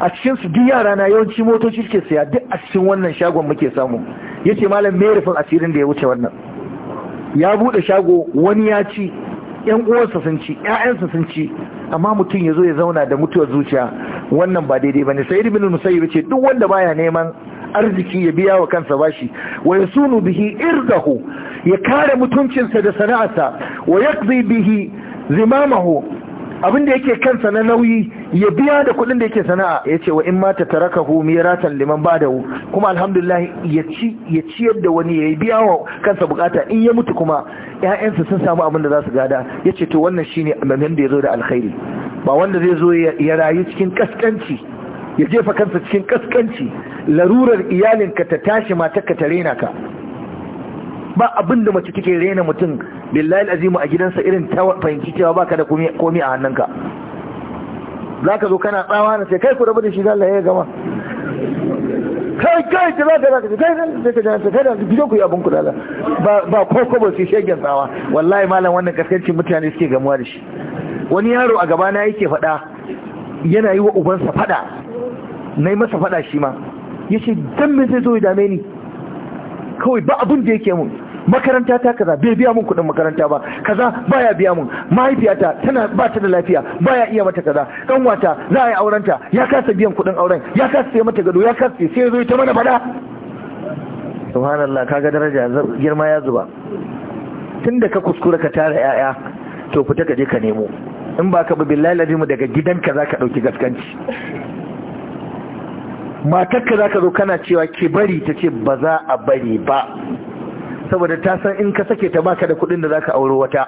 a cikinsu duk yara na yawanci motoci suke saya duk a cikin wannan shagon muke samu ya ce malam me rufin asirin da ya wuce wannan ya buɗe shago wani ya ci yan uwansa sun ci ƴaƴansa sun ci amma mutum ya zo ya zauna da mutuwar zuciya wannan ba daidai bane sai ibn musayyib ce duk wanda baya neman arziki ya biya wa kansa bashi wa yasunu bihi irdahu ya kare mutuncinsa da sana'arsa wa yaqdi bihi zimamahu abin da yake kansa na nauyi ya biya da kuɗin da yake sana'a ya ce wa in ma ta taraka hu miratan liman ba da kuma alhamdulillah ya ci ya ciyar da wani ya biya wa kansa bukata in ya mutu kuma ƴaƴansa sun samu abin da za su gada ya ce to wannan shine mamin da ya zo da alkhairi ba wanda zai zo ya rayu cikin kaskanci ya jefa kansa cikin kaskanci larurar iyalinka ta tashi matarka ta rena ka ba abin da mace take rena mutum billahi azimu a gidansa irin ta fahimci cewa baka da komi a hannunka zaka zo kana tsawa na sai kai ku rabu da shi da Allah ya gama kai kai ta za ka za ka ce kai da ka janta kai da gidan ku yi abin ku da ba ko ko ba su shegen tsawa wallahi malam wannan kaskanci mutane suke gamuwa da shi wani yaro a gaba na yake faɗa yana yi wa ubansa faɗa na yi masa faɗa shi ma ya ce dan me zai zo ya dame ni kawai ba abin da yake mun makaranta ta kaza bai biya mun kuɗin makaranta ba kaza baya biya mun mahaifiyata tana ba ta da lafiya baya iya mata kaza kanwata za a yi aurenta ya kasa biyan kuɗin auren ya kasa sai mata gado ya kasa sai zo ta mana fada subhanallah kaga daraja girma ya zuba tunda ka kuskura ka tara yaya to fita ka je ka nemo in ba ka bi billahi mu daga gidanka za ka ɗauki gaskanci matakka za ka zo kana cewa ke bari ta ce ba za a bari ba saboda ta san in ka sake ta baka da kudin da zaka auro wata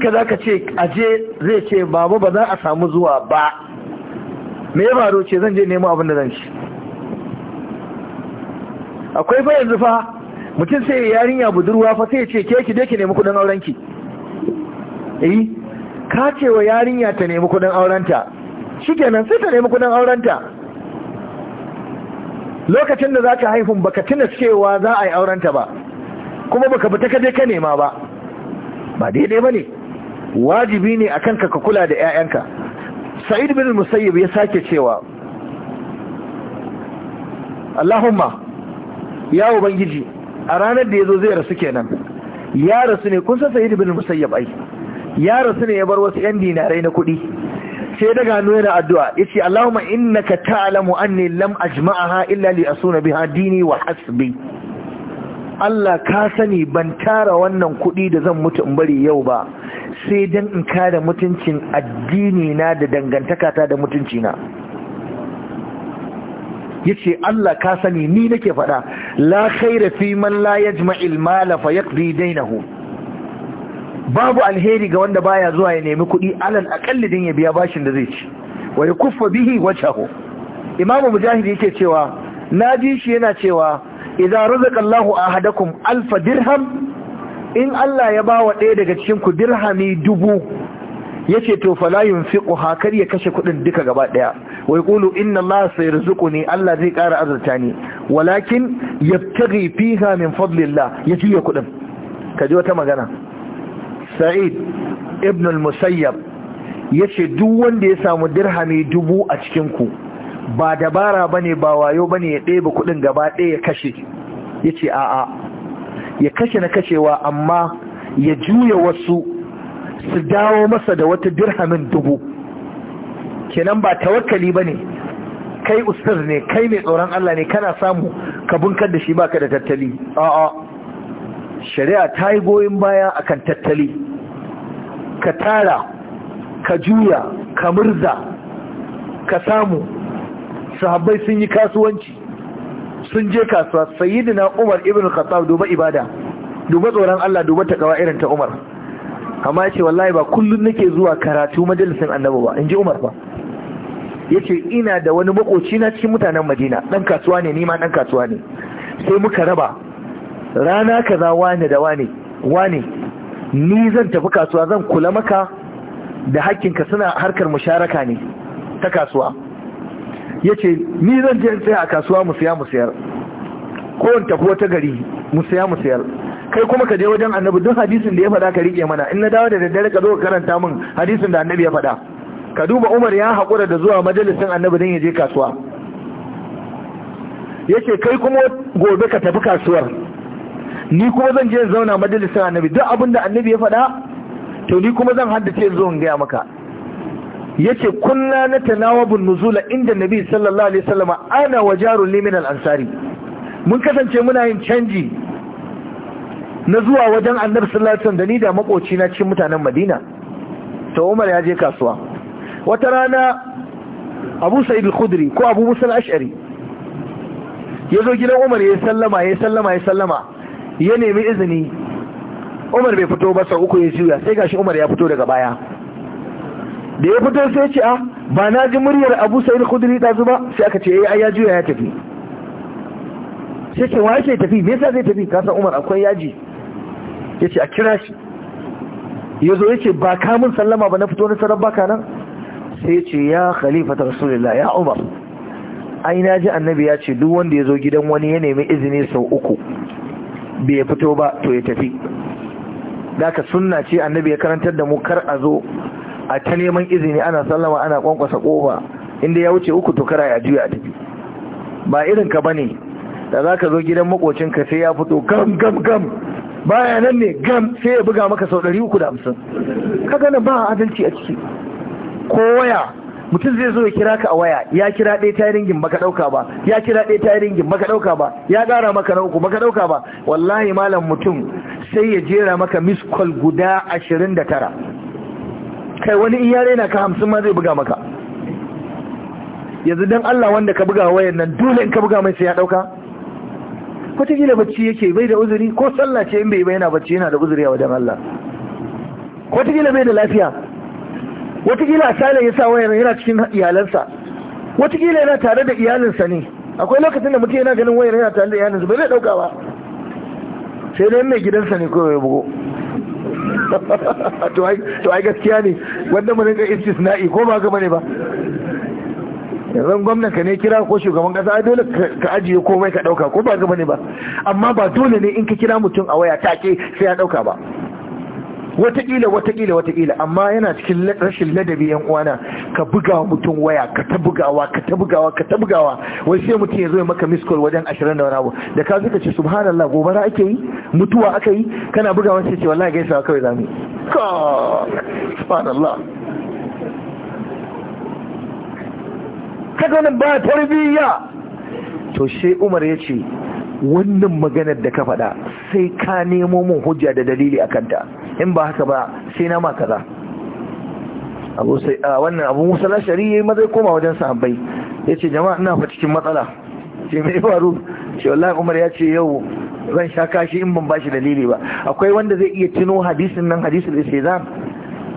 ka za ka ce aje zai ce babu ba za a samu zuwa ba me ya faru ce zan je nemo abin da zan ci akwai fa yanzu fa mutum sai yarinya budurwa fa sai ce ke ki je ki nemi kudin aurenki eh ka ce wa yarinya ta nemi kudin aurenta shikenan sai ta nemi kudin aurenta lokacin da za zaka haifun baka tuna cewa za a yi aurenta ba kuma baka bi ta kaje ka nema ba ba daidai ba ne. wajibi ne a kanka ka kula da 'ya'yanka sa'id bin musayyib ya sake cewa Allahumma ya bangiji, a ranar da ya zo zai rasu kenan ya rasu ne kun san sa'id bin musayyib ai ya rasu ne ya bar wasu yan dinarai na kuɗi sai daga hannu yana addu'a yace Allahumma ka ta'lamu anni lam ajma'aha illa li asuna biha dini wa hasbi Allah ka sani ban tara wannan kuɗi da zan mutu in bari yau ba sai dan in kada mutuncin addini na da dangantaka ta da mutunci na yace Allah ka sani ni nake faɗa la khaira fi man la yajma'il mala fa yaqdi dainahu babu alheri ga wanda baya zuwa ya nemi kuɗi alal akalli din ya biya bashin da zai ci wa yakuffa bihi wajhahu imamu mujahid yake cewa na ji shi yana cewa idan razaqallahu ahadakum alfa dirham in Allah ya bawa ɗaya daga cikin ku dirhami dubu yace to fala yunfiqu kar ya kashe kuɗin duka gaba ɗaya wai qulu inna Allah sayarzuquni Allah zai kara azarta ni walakin yabtaghi fiha min fadlillah ya juya kuɗin kaji wata magana sa'id ibn al-musayyab yace duk wanda ya samu dirhami dubu a cikin ku ba dabara bane ba wayo bane ya ɗebe kuɗin gaba ɗaya ya kashe yace a'a ya kashe na kashewa amma ya juya wasu su dawo masa da wata dirhamin dubu kenan ba tawakkali bane kai ustaz ne kai mai tsoron Allah ne kana samu ka bunkar da shi baka da tattali a'a shari'a ta yi goyon baya akan tattali ka tara ka juya ka murza ka samu sahabbai sun yi kasuwanci sun je kasuwa sayyidina Umar ibn Khattab duba ibada duba tsoron Allah duba takawa irin ta Umar amma yace wallahi ba kullum nake zuwa karatu majalisar annaba ba in inji Umar ba yace ina da wani makoci na cikin mutanen Madina dan kasuwa ne nima ɗan kasuwa ne sai muka raba rana ka za wane da wane wane ni zan tafi kasuwa zan kula maka da hakkinka suna harkar musharaka ne ta kasuwa Ya ce ni zan je tsaye a kasuwa mu siya mu siyar ko tafi wata gari mu siya mu siyar kai kuma ka je wajen annabi don hadisin da ya faɗa ka rike mana in na dawo da daddare ka zo ka karanta min hadisin da annabi ya faɗa ka duba Umar ya haƙura da zuwa majalisin annabi don ya je kasuwa yake kai kuma gobe ka tafi kasuwar ni kuma zan je zauna majalisar annabi duk abin da annabi ya faɗa to ni kuma zan haddace zo in gaya maka yace kunna na tanawabun nuzula inda nabi sallallahu alaihi wasallama ana wa limin liminal ansari mun kasance muna yin canji na zuwa wajen annabi sallallahu alaihi wasallam da ni da makoci na cikin mutanen Madina to Umar ya je kasuwa wata rana Abu Sa'id al-Khudri ko Abu Musa al-Ash'ari yazo gidan Umar ya sallama ya sallama ya sallama ya nemi izini umar bai fito ba sau uku ya juya sai gashi umar ya fito daga baya da ya fito sai ce a ah, ba na ji muryar abu sa'id khudri ta zuba sai aka ce eh, ai ya juya ya tafi sai ce wa yake tafi me yasa zai tafi kasan umar akwai yaji yace a kira shi yazo yace ba ka mun sallama ba na fito na sarar baka nan sai ce ya khalifata rasulullah ya umar ai na ji annabi ya ce duk wanda ya zo gidan wani ya nemi izini sau uku bai fito ba to ya tafi daga sunna ce annabi ya karantar da mu kar a zo a ta neman izini ana sallama ana kwankwasa koba inda ya wuce uku to kara ya juya a tafi ba irin ka bane da za ka zo gidan makocinka sai ya fito gam gam gam baya nan ne gam sai ya buga maka sau 350 kaga na ba adalci a ciki ko waya mutum zai zo ya kira ka a waya ya kira ɗaya ta ringin baka ɗauka ba ya kira ɗaya ta ringin baka ɗauka ba ya ƙara maka na uku baka ɗauka ba wallahi malam mutum sai ya jera maka miskol guda ashirin da tara kai wani in yare na ka hamsin ma zai buga maka yanzu don Allah wanda ka buga wayan nan dole in ka buga mai sai ya ɗauka kwatakila bacci yake bai da uzuri ko sallah ce in bai bai yana bacci yana da uzuri a wajen Allah kwatakila bai da lafiya watakila asali ya sa wayar yana cikin iyalansa watakila yana tare da iyalinsa ne akwai lokacin da mutum yana ganin wayar yana tare da iyalinsa bai zai dauka ba sai dai mai gidansa ne kawai ya bugo (laughs) to ai gaskiya ne wanda mu rinka istisna'i ko ba gaba ne ba yanzu ka ne kira ko shugaban kasa ai dole ka ajiye komai ka dauka ko ba gaba ne ba amma ba dole ne in ka kira mutum a waya take sai ya dauka ba watakila watakila watakila amma yana cikin rashin ladabi yan uwana ka buga mutum waya ka ta bugawa ka ta bugawa ka ta bugawa wai sai mutum ya zo maka miss call wajen 20 da wani abu da ka zuka ce subhanallah gobara ake yi mutuwa aka yi kana bugawa sai ce wallahi gaisawa kawai zamu ka subhanallah kaga nan ba tarbiyya to sai Umar ya ce wannan maganar da ka faɗa sai ka nemo mun hujja da dalili a kanta in ba haka ba sai na maka kaza abu wannan abu musa na ya yi mazai koma wajen sahabbai yace jama'a ina fa cikin matsala ce mai faru ce wallahi Umar ya ce yau zan sha kashi in ban bashi dalili ba akwai wanda zai iya tuno hadisin nan sai istizan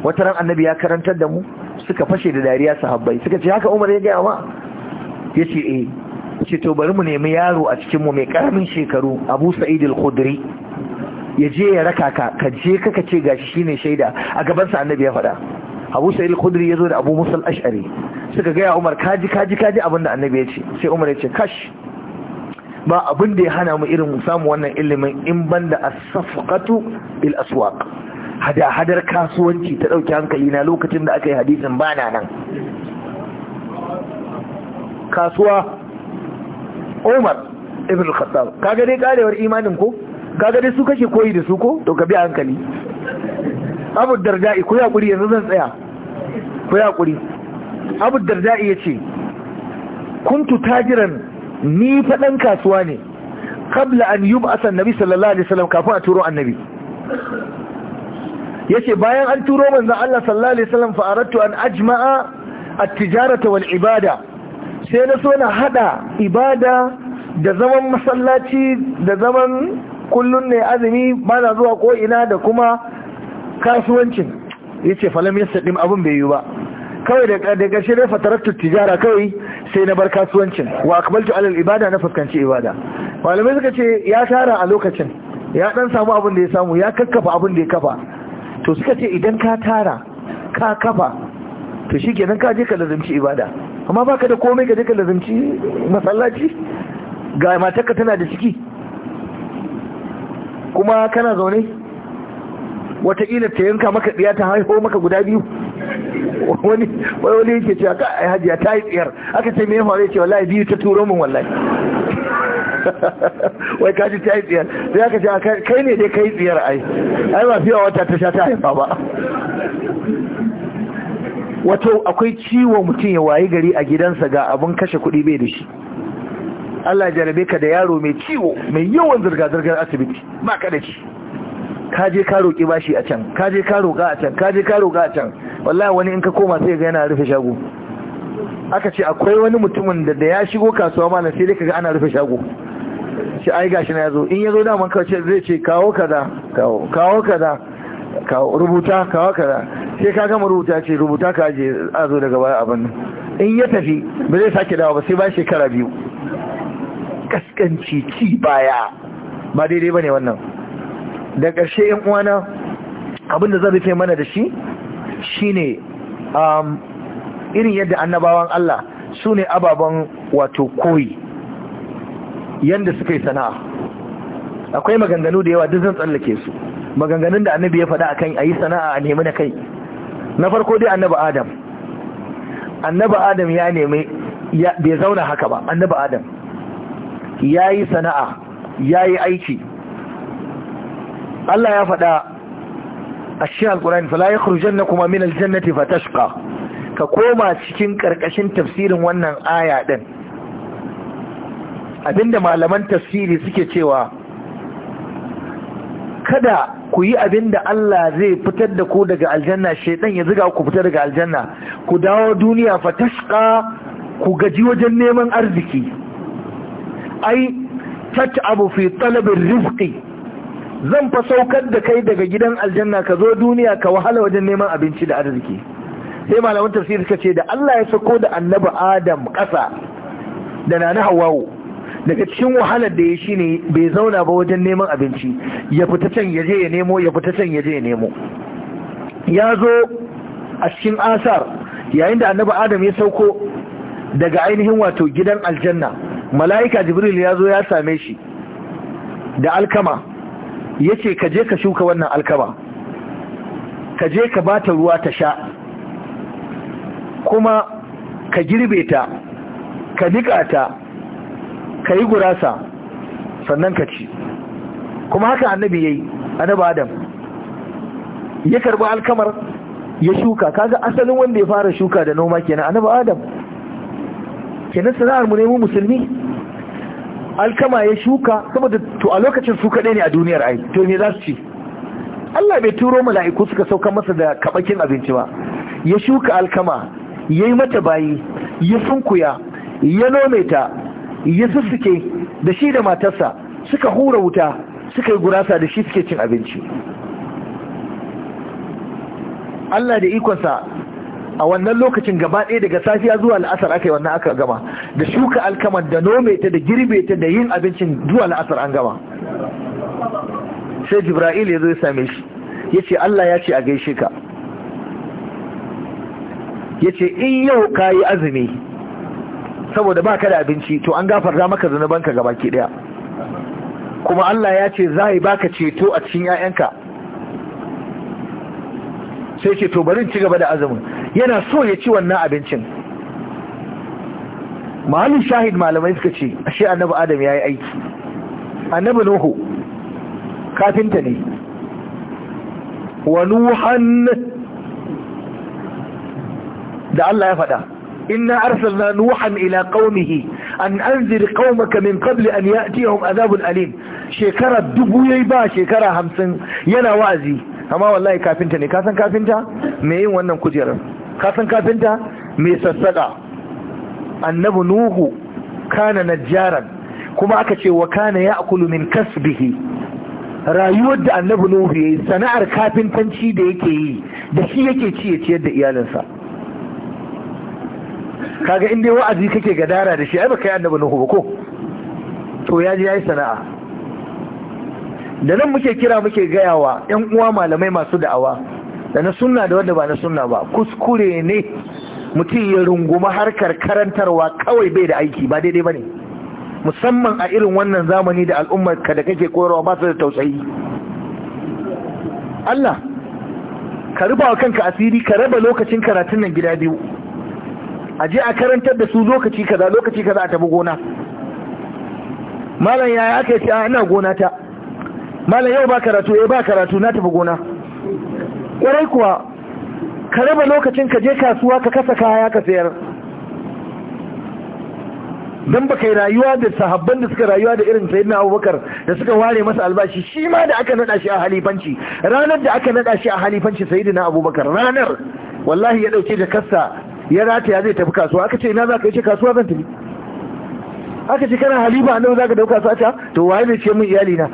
wata ran annabi ya karantar da mu suka fashe da dariya sahabbai suka ce haka Umar ya gaya ma yace eh ce to bari mu nemi yaro a cikin mu mai karamin shekaru Abu Sa'id al-Khudri ya je ya raka ka ka je ka ce gashi shine shaida a gaban sa annabi ya faɗa Abu Sa'id al-Khudri zo da Abu musul ashari suka ga ya Umar kaji kaji kaji abinda annabi ya ce sai Umar ya ce kash ba abin da ya hana mu irin samu wannan ilimin in banda as-safqatu bil aswaq hada hadar kasuwanci ta dauki hankali na lokacin da aka yi hadisin bana nan kasuwa Umar ibn al-Khattab kaga dai karewar imanin ko kaga dai su kake koyi da su ko to ka bi hankali Abu Darda'i ko yakuri yanzu zan tsaya ko yakuri Abu Darda'i yace kuntu tajiran ni fa kasuwa ne qabla an yub'asa an-nabi sallallahu alaihi wasallam kafin a turo annabi yace bayan an turo manzon Allah sallallahu alaihi wasallam fa aradtu an ajma'a at-tijarata wal ibada sai na so na hada ibada da zaman masallaci da zaman kullum ne azumi ba na zuwa koina da kuma kasuwancin ya ce falam ya ɗin abin bai yi ba kawai da ƙarshe dai fatarattu tijara kawai sai na bar kasuwancin wa akbaltu alal ibada na fuskanci ibada malamai suka ce ya tara a lokacin ya dan samu abin da ya samu ya kakkafa abin da ya kafa to suka ce idan ka tara ka kafa to shi ka je ka lazimci ibada amma baka da komai ka je ka lazimci masallaci ga matarka tana da ciki kuma kana zaune wataƙila ta yanka maka ɗiya ta haifo maka guda biyu wani wani yake cewa ka ai hajiya ta yi tsiyar aka ce me ya faru ce wallahi biyu ta turo min wallahi (laughs) wai kaji ta yi tsiyar sai aka ce kai ne dai kai tsiyar ai ai ba fiye wata ta sha ta haifa ba wato akwai ciwo mutum ya wayi gari a gidansa ga abin kashe kuɗi bai da shi Allah jarabe ka da yaro mai ciwo mai yawan zirga-zirgar asibiti ba ka da shi ka je ka roƙi bashi a can ka je ka roƙa a can ka je ka roƙa a can wallahi wani in ka koma sai ga yana rufe shago aka ce akwai wani mutumin da da ya shigo kasuwa malam sai dai kaga ana rufe shago shi ai gashi na yazo in yazo da man ce zai ce kawo kaza kawo kawo kaza kawo rubuta kawo kaza sai ka gama rubuta ce rubuta ka aje a zo daga baya abin in ya tafi ba zai sake dawa ba sai ba shekara biyu kaskanci ci baya ba daidai ba ne wannan da ƙarshe yan uwana abinda zan rufe mana da shi shine um, irin yadda annabawan Allah su ne ababen wato koyi yadda suka yi sana'a akwai maganganu da yawa duk zan tsallake su maganganun da annabi ya faɗa akan yi sana'a a nemi na kai na farko dai annaba adam annaba adam ya nemi bai zauna haka ba annaba adam ya yi sana'a ya yi aiki Allah ya faɗa a shi alƙulani fala ya na kuma min aljannati fatashka ka koma cikin ƙarƙashin tafsirin wannan aya ɗin abinda malaman tafsiri suke cewa kada ku yi abin da Allah zai fitar da ku daga aljanna shaidan ya ziga ku fita daga aljanna ku dawo duniya fa tashqa ku gaji wajen neman arziki ai tat'abu fi talabir rizqi zan fa saukar da kai daga gidan aljanna ka zo duniya ka wahala wajen neman abinci da arziki sai malaman tafsir suka ce da Allah ya sako da annabi Adam ƙasa da nana Hawwa daga cikin wahalar da ya shi ne bai zauna ba wajen neman abinci ya fita can ya je ya nemo ya fita can ya je ya nemo ya zo a cikin asar yayin da annabi adam ya sauko daga ainihin wato gidan aljanna mala'ika jibril ya zo ya same shi da alkama ya ce ka je ka shuka wannan alkama ka je ka bata ruwa ta sha kuma ka girbe ta ka niƙa ta ka yi gurasa sannan ka ci kuma haka annabi ya yi annabi adam ya karɓi alkamar ya shuka kaga asalin wanda ya fara shuka da noma kenan annabi adam kenan sana'ar mu ne mu musulmi alkama ya shuka saboda to a lokacin su kaɗai ne a duniyar ai to me za su ci Allah bai turo mala'iku suka sauka masa da kabakin abinci ba ya shuka alkama ya yi mata bayi ya sunkuya ya nome ta ya sussuke da shi da matarsa suka hura wuta suka yi gurasa da shi suke cin abinci Allah da ikonsa a wannan lokacin gaba ɗaya daga safiya zuwa al'asar aka yi wannan aka gama da shuka alkaman da nome ta da girbe ta da yin abincin zuwa al'asar an gama sai jibra'il ya zo ya same shi ya ce Allah ya ce a gaishe ka ya ce in yau ka yi azumi saboda ba ka da abinci to an gafarta maka gaba ke daya kuma Allah ya ce za yi baka ceto a cikin 'ya'yanka sai ce to barin ci gaba da azumin yana so ya ci wannan abincin mahalin shahid malamai suka ce ashe annabi adam ya yi aiki annabi nuhu kafinta ne wa nuhan da Allah ya faɗa إنا أرسلنا نوحا إلى قومه أن أنزل قومك من قبل أن يأتيهم أذاب أليم شكرا دبو يبا شكرا همسن ينا وعزي أما والله كافنتا كاسن كافنتا مين وانا كجرا كاسن كافنتا مي سسقا النبو نوه كان نجارا كما أكتشي وكان يأكل من كسبه rayuwar da annabi Nuhu yayi sana'ar kafin tanci da yake yi da shi yake ciye ya ciyar da iyalinsa kaga in dai wa'azi kake gadara da shi ai baka yi annabi nuhu ba ko to ya ji yayi sana'a da nan muke kira muke gayawa yan uwa malamai masu da'awa da na sunna da wanda ba na sunna ba kuskure ne mutum ya runguma harkar karantarwa kawai bai da aiki ba daidai ba ne, musamman a irin wannan zamani da al'ummar ka da kake koyarwa ba su da tausayi Allah ka rubawa kanka asiri ka raba lokacin karatun nan gida biyu a je a karantar da su lokaci kaza lokaci kaza a tafi gona malam yaya aka yi a ah, ina gona ta malam yau ba karatu eh ba karatu na tafi gona kwarai kuwa ka raba lokacin ka je kasuwa ka kasa kaya ka sayar don ba kai rayuwa da sahabban da suka rayuwa da irin sayyidina abubakar da suka ware masa albashi shi ma da aka nada shi a halifanci ranar da aka nada shi a halifanci sayyidina abubakar ranar wallahi ya dauke da kasa ya rataya zai tafi kasuwa aka ce ina za ka yi ce kasuwa zan tafi aka ce kana halima nan za ka dauka su ta to waye ne ce min iyali na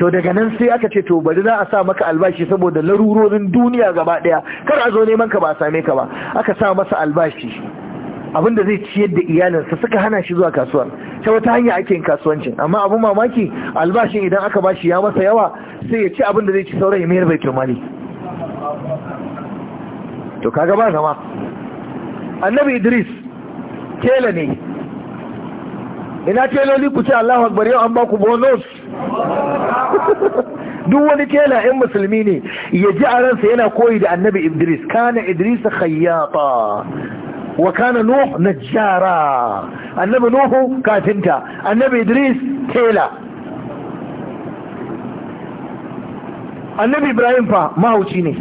to daga nan sai aka ce to bari za a sa maka albashi saboda larurorin duniya gaba daya kar a zo neman ka ba same ka ba aka sa masa albashi abinda zai ciyar da iyalinsa suka hana shi zuwa kasuwar ta wata hanya ake yin kasuwancin amma abin mamaki albashin idan aka bashi ya masa yawa sai ya ci abin da zai ci sauran ya mayar bai mali to kaga ba zama annabi idris tela ne ina teloli ku ce allahu akbar yau an ba ku bonus duk wani tela in musulmi ne ya ji a ransa yana koyi da annabi idris kana idris khayyata wa kana nuh najjara annabi nuhu kafinta annabi idris tela annabi ibrahim fa mahauci ne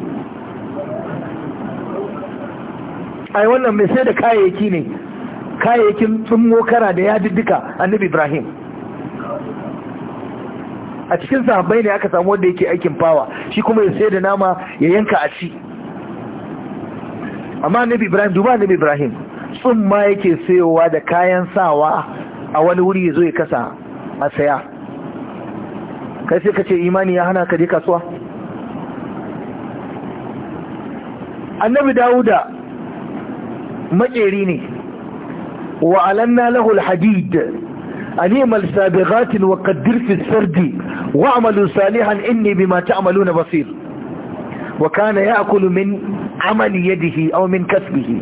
ai wannan mai sai da kayayyaki ne kayayyakin tsummo kara da duka, annabi ibrahim a cikin sahabbai ne aka samu wanda yake aikin fawa shi kuma ya sai da nama ya yanka a ci amma annabi ibrahim duba annabi ibrahim tsumma yake sayowa da kayan sawa a wani wuri ya zo ya kasa a saya kai sai ka ce imani ya hana ka je kasuwa annabi dawuda مجيري ني وعلنا له الحديد أنيم السابغات وقدر في السرد وعملوا صالحا إني بما تعملون بصير وكان يأكل من عمل يده أو من كسبه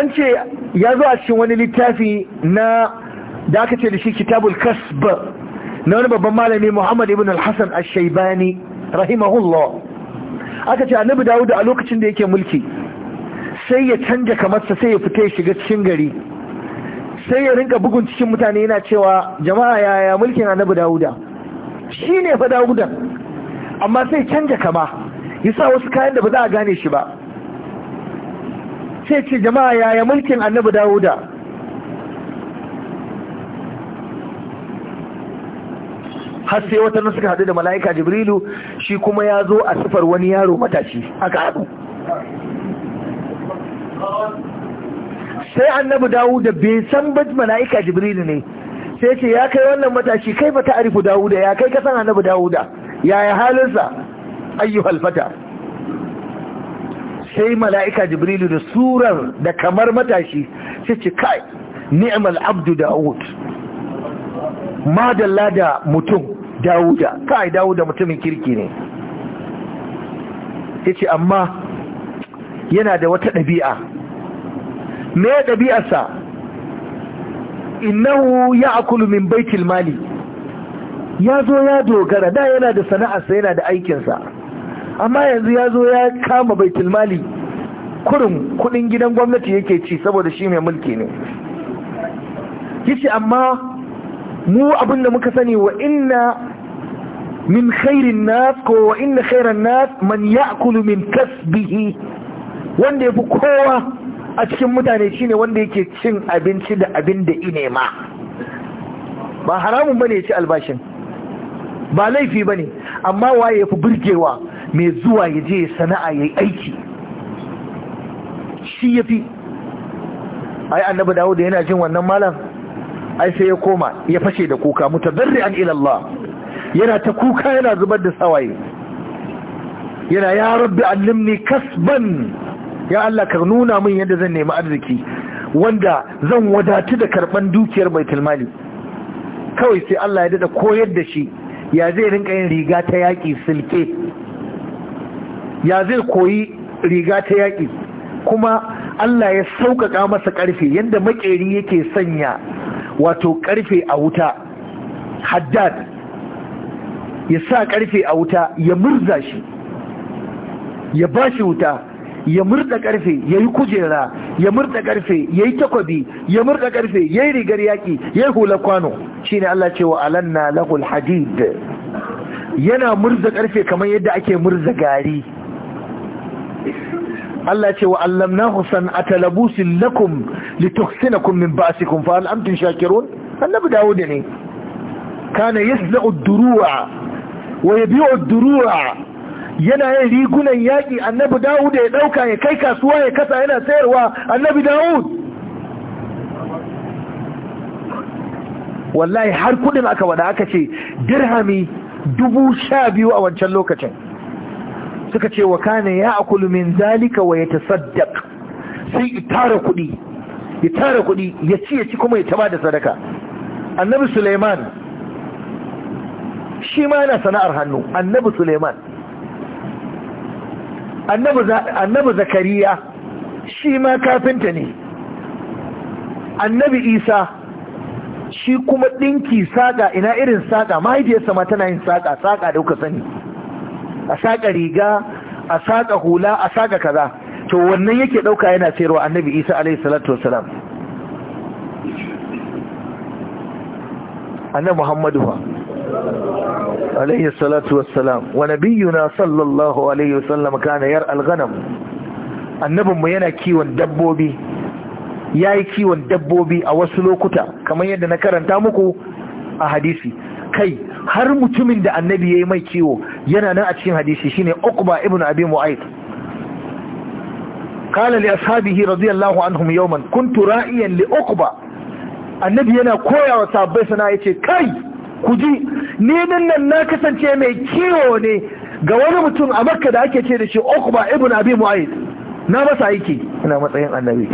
أنت يا أنشي الشوان اللي تافي نا داكت شي كتاب الكسب نونب بمالي محمد بن الحسن الشيباني rahimahullah aka ce annabi dawud a lokacin da yake mulki sai ya canja kamarsa sai ya fita ya shiga cikin gari sai ya rinka bugun cikin mutane yana cewa jama'a yaya mulkin annabi dawud shine fa dawud amma sai canja kama ya sa wasu kayan da ba za a gane shi ba sai ce jama'a yaya mulkin annabi dawud har sai wata suka hadu da mala'ika jibrilu shi kuma ya zo a sifar wani yaro matashi aka haɗu sai annabi dawo da bai san mala'ika jibrilu ne sai ce ya kai wannan matashi kai ba ta arifu dawuda ya kai kasan annabi dawuda yaya halinsa ayyuhal fata sai mala'ika jibrilu da surar da kamar matashi sai ce kai ni'mal abdu dawud madalla da mutum dawuda kai dawuda mutumin kirki ne ya ce amma yana da wata ɗabi'a me ɗabi'arsa innahu ya akulu min baitul mali ya zo ya dogara da yana da sana'arsa yana da aikinsa amma yanzu ya zo ya kama baitul mali kurin kudin gidan gwamnati yake ci saboda shi mai mulki ne yace amma mu abinda muka sani wa inna min khairin nas ko wa inna khairan nas man ya'kulu min kasbihi wanda yafi kowa a cikin mutane shine wanda yake cin abinci da abin da ine ma ba haramun bane ya ci albashin ba laifi bane amma waye yafi burgewa mai zuwa ya je sana'a yayi aiki shi yafi ai annabi Dawud yana jin wannan malam ai sai ya koma ya fashe da kuka mutadarrian ila Allah yana ta kuka yana zubar da sawaye yana ya rabbi allimni kasban ya Allah ka nuna min yadda zan nemi arziki wanda zan wadatu da karban dukiyar baitul mali kawai sai Allah ya dada koyar da shi ya zai rinka yin riga ta yaƙi silke ya zai koyi riga ta yaƙi kuma Allah ya sauƙaƙa masa ƙarfe yadda maƙeri yake sanya wato ƙarfe a wuta haddad ya sa karfe a wuta ya murza shi ya ba shi wuta ya murda karfe ya yi kujera ya murda karfe ya yi takwabi ya murda karfe ya yi rigar yaƙi ya yi hula kwano shi ne Allah cewa alanna lahul hadid yana murza karfe kamar yadda ake murza gari Allah ce wa allamnahu san'ata labusin lakum litukhsinakum min ba'sikum fa hal antum shakirun annabi dawud ne kana yasda'u ad-duru'a wa biyo durura yana yin rigunan yaƙi annabi dawud ya ɗauka ya kai kasuwa ya kasa yana sayarwa annabi dawud wallahi har kudin aka wada aka ce dirhami dubu sha biyu a wancan lokacin suka ce wa kane ya akulu min zalika wa ya tasaddaq sai ya tara kudi ya kudi ya ci ya ci kuma ya taba da sadaka annabi suleiman shi ma yana sana'ar hannu annabi suleiman annabi zakariya shi ma kafinta ne annabi isa shi kuma ɗinki saƙa ina irin saƙa mahaifiyarsa ma tana yin saƙa saƙa da kuka sani a saƙa riga a saƙa hula a saƙa kaza to wannan yake ɗauka yana sayarwa annabi isa alaihi salatu wasalam annabi muhammadu ba عليه الصلاة والسلام ونبينا صلى الله عليه وسلم كان يرأى الغنم annabinmu yana kiwon dabbobi ya yi kiwon dabbobi a wasu lokuta kamar yadda na karanta muku a hadisi kai har mutumin da annabi ya yi mai kiwo yana nan a cikin hadisi shine ukba ibn abi mu'ayt qala li ashabihi radiyallahu anhum yawman kuntu ra'iyan li ukba annabi yana koyawa sahabbai sana yace kai ku ji ni nan na kasance mai kiwo ne ga wani mutum a makka da ake ce da shi okba ibn abi mu'ayyid na masa aiki ina matsayin annabi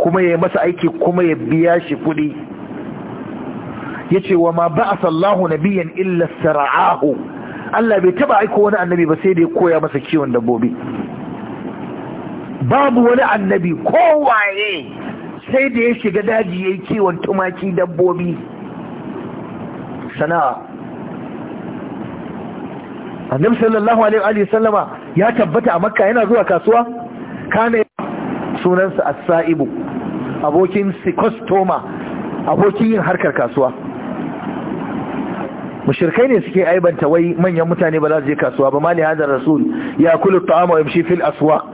kuma ya masa aiki kuma ya biya shi kudi ya ce wa ma ba a sallahu biyan illa sara'ahu Allah bai taba aiko wani annabi ba sai da ya koya masa kiwon dabbobi babu wani annabi kowaye sai da ya shiga daji ya yi kiwon tumaki dabbobi sana'a annabi sallallahu alaihi wa sallama ya tabbata a makka yana zuwa kasuwa kana sunansa as-sa'ibu abokin sikostoma abokin yin harkar kasuwa mushirkai ne suke aibanta wai manyan mutane ba za su je kasuwa ba mali hadar rasul ya kulu ta'ama wa yamshi fil aswaq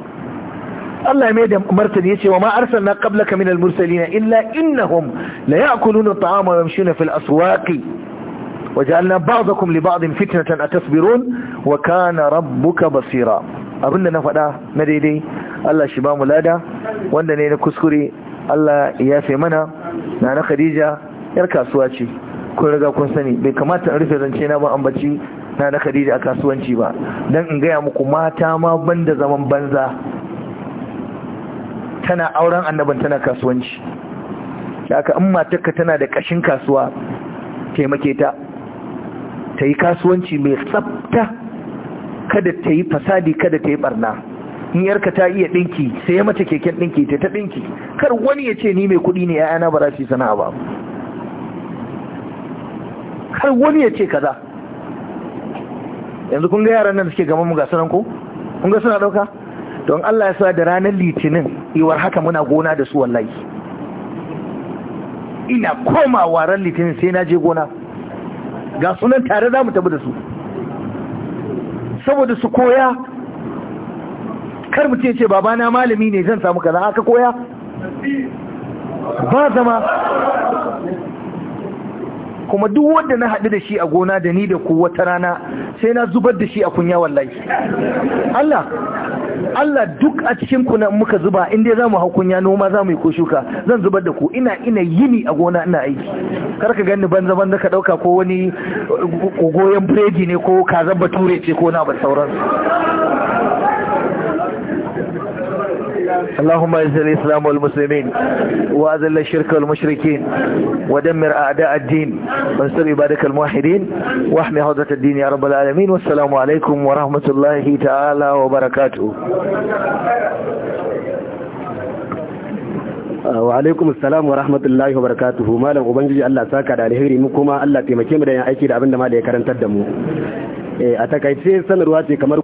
Allah mai da martani yace wa ma arsalna qablaka min al mursalin illa innahum la ya'kuluna ta'ama wa yamshuna fil aswaq waj'alna ba'dakum li ba'din fitnatan atasbirun wa kana rabbuka basira abinda na faɗa na daidai Allah shi ba mu lada wanda ne na kuskure Allah ya mana na na Khadija yar kasuwa ce kun riga kun sani bai kamata in rufe zance na ba ambaci na na Khadija a kasuwanci ba dan in gaya muku mata ma banda zaman banza tana auren annaban tana kasuwanci da aka in matarka tana da kashin kasuwa taimake ta ta yi kasuwanci mai tsafta kada ta yi fasadi kada ta yi barna in yarka ta iya dinki sai ya mace keken dinki ta ta dinki kar wani ya ce ni mai kudi ne ya'yana ba za su sana'a ba kar wani ya ce kaza yanzu kun ga yaran nan suke gama mu ga sanan ko kun ga suna dauka don Allah ya sa da ranar litinin iwar haka muna gona da su wallahi ina komawa ran litinin sai na je gona ga sunan tare za mu tabi da su saboda su koya kar mu ce babana malami ne zan samu kaza aka koya ba zama kuma duk wanda na haɗu da shi a gona da ni da ku wata rana sai na zubar da shi a kunya wallahi Allah Allah duk a cikin ku nan muka zuba inda za mu hau kunya noma za mu yi ko shuka zan zubar da ku ina ina yini a gona ina aiki kar ka gani banza banza ka ɗauka ko wani uh, goyon biredi ne ko kazan bature ce ko na ba sauransu اللهم اعز الاسلام والمسلمين واذل الشرك والمشركين ودمر اعداء الدين وانصر عبادك الموحدين واحمي حوزة الدين يا رب العالمين والسلام عليكم ورحمة الله تعالى وبركاته wa alaikum wa rahmatullahi wa barakatuhu malam ubangiji Allah saka da alheri mu kuma Allah taimake mu da yin aiki da abin da ma da ya karantar da mu a takaice sanarwa ce kamar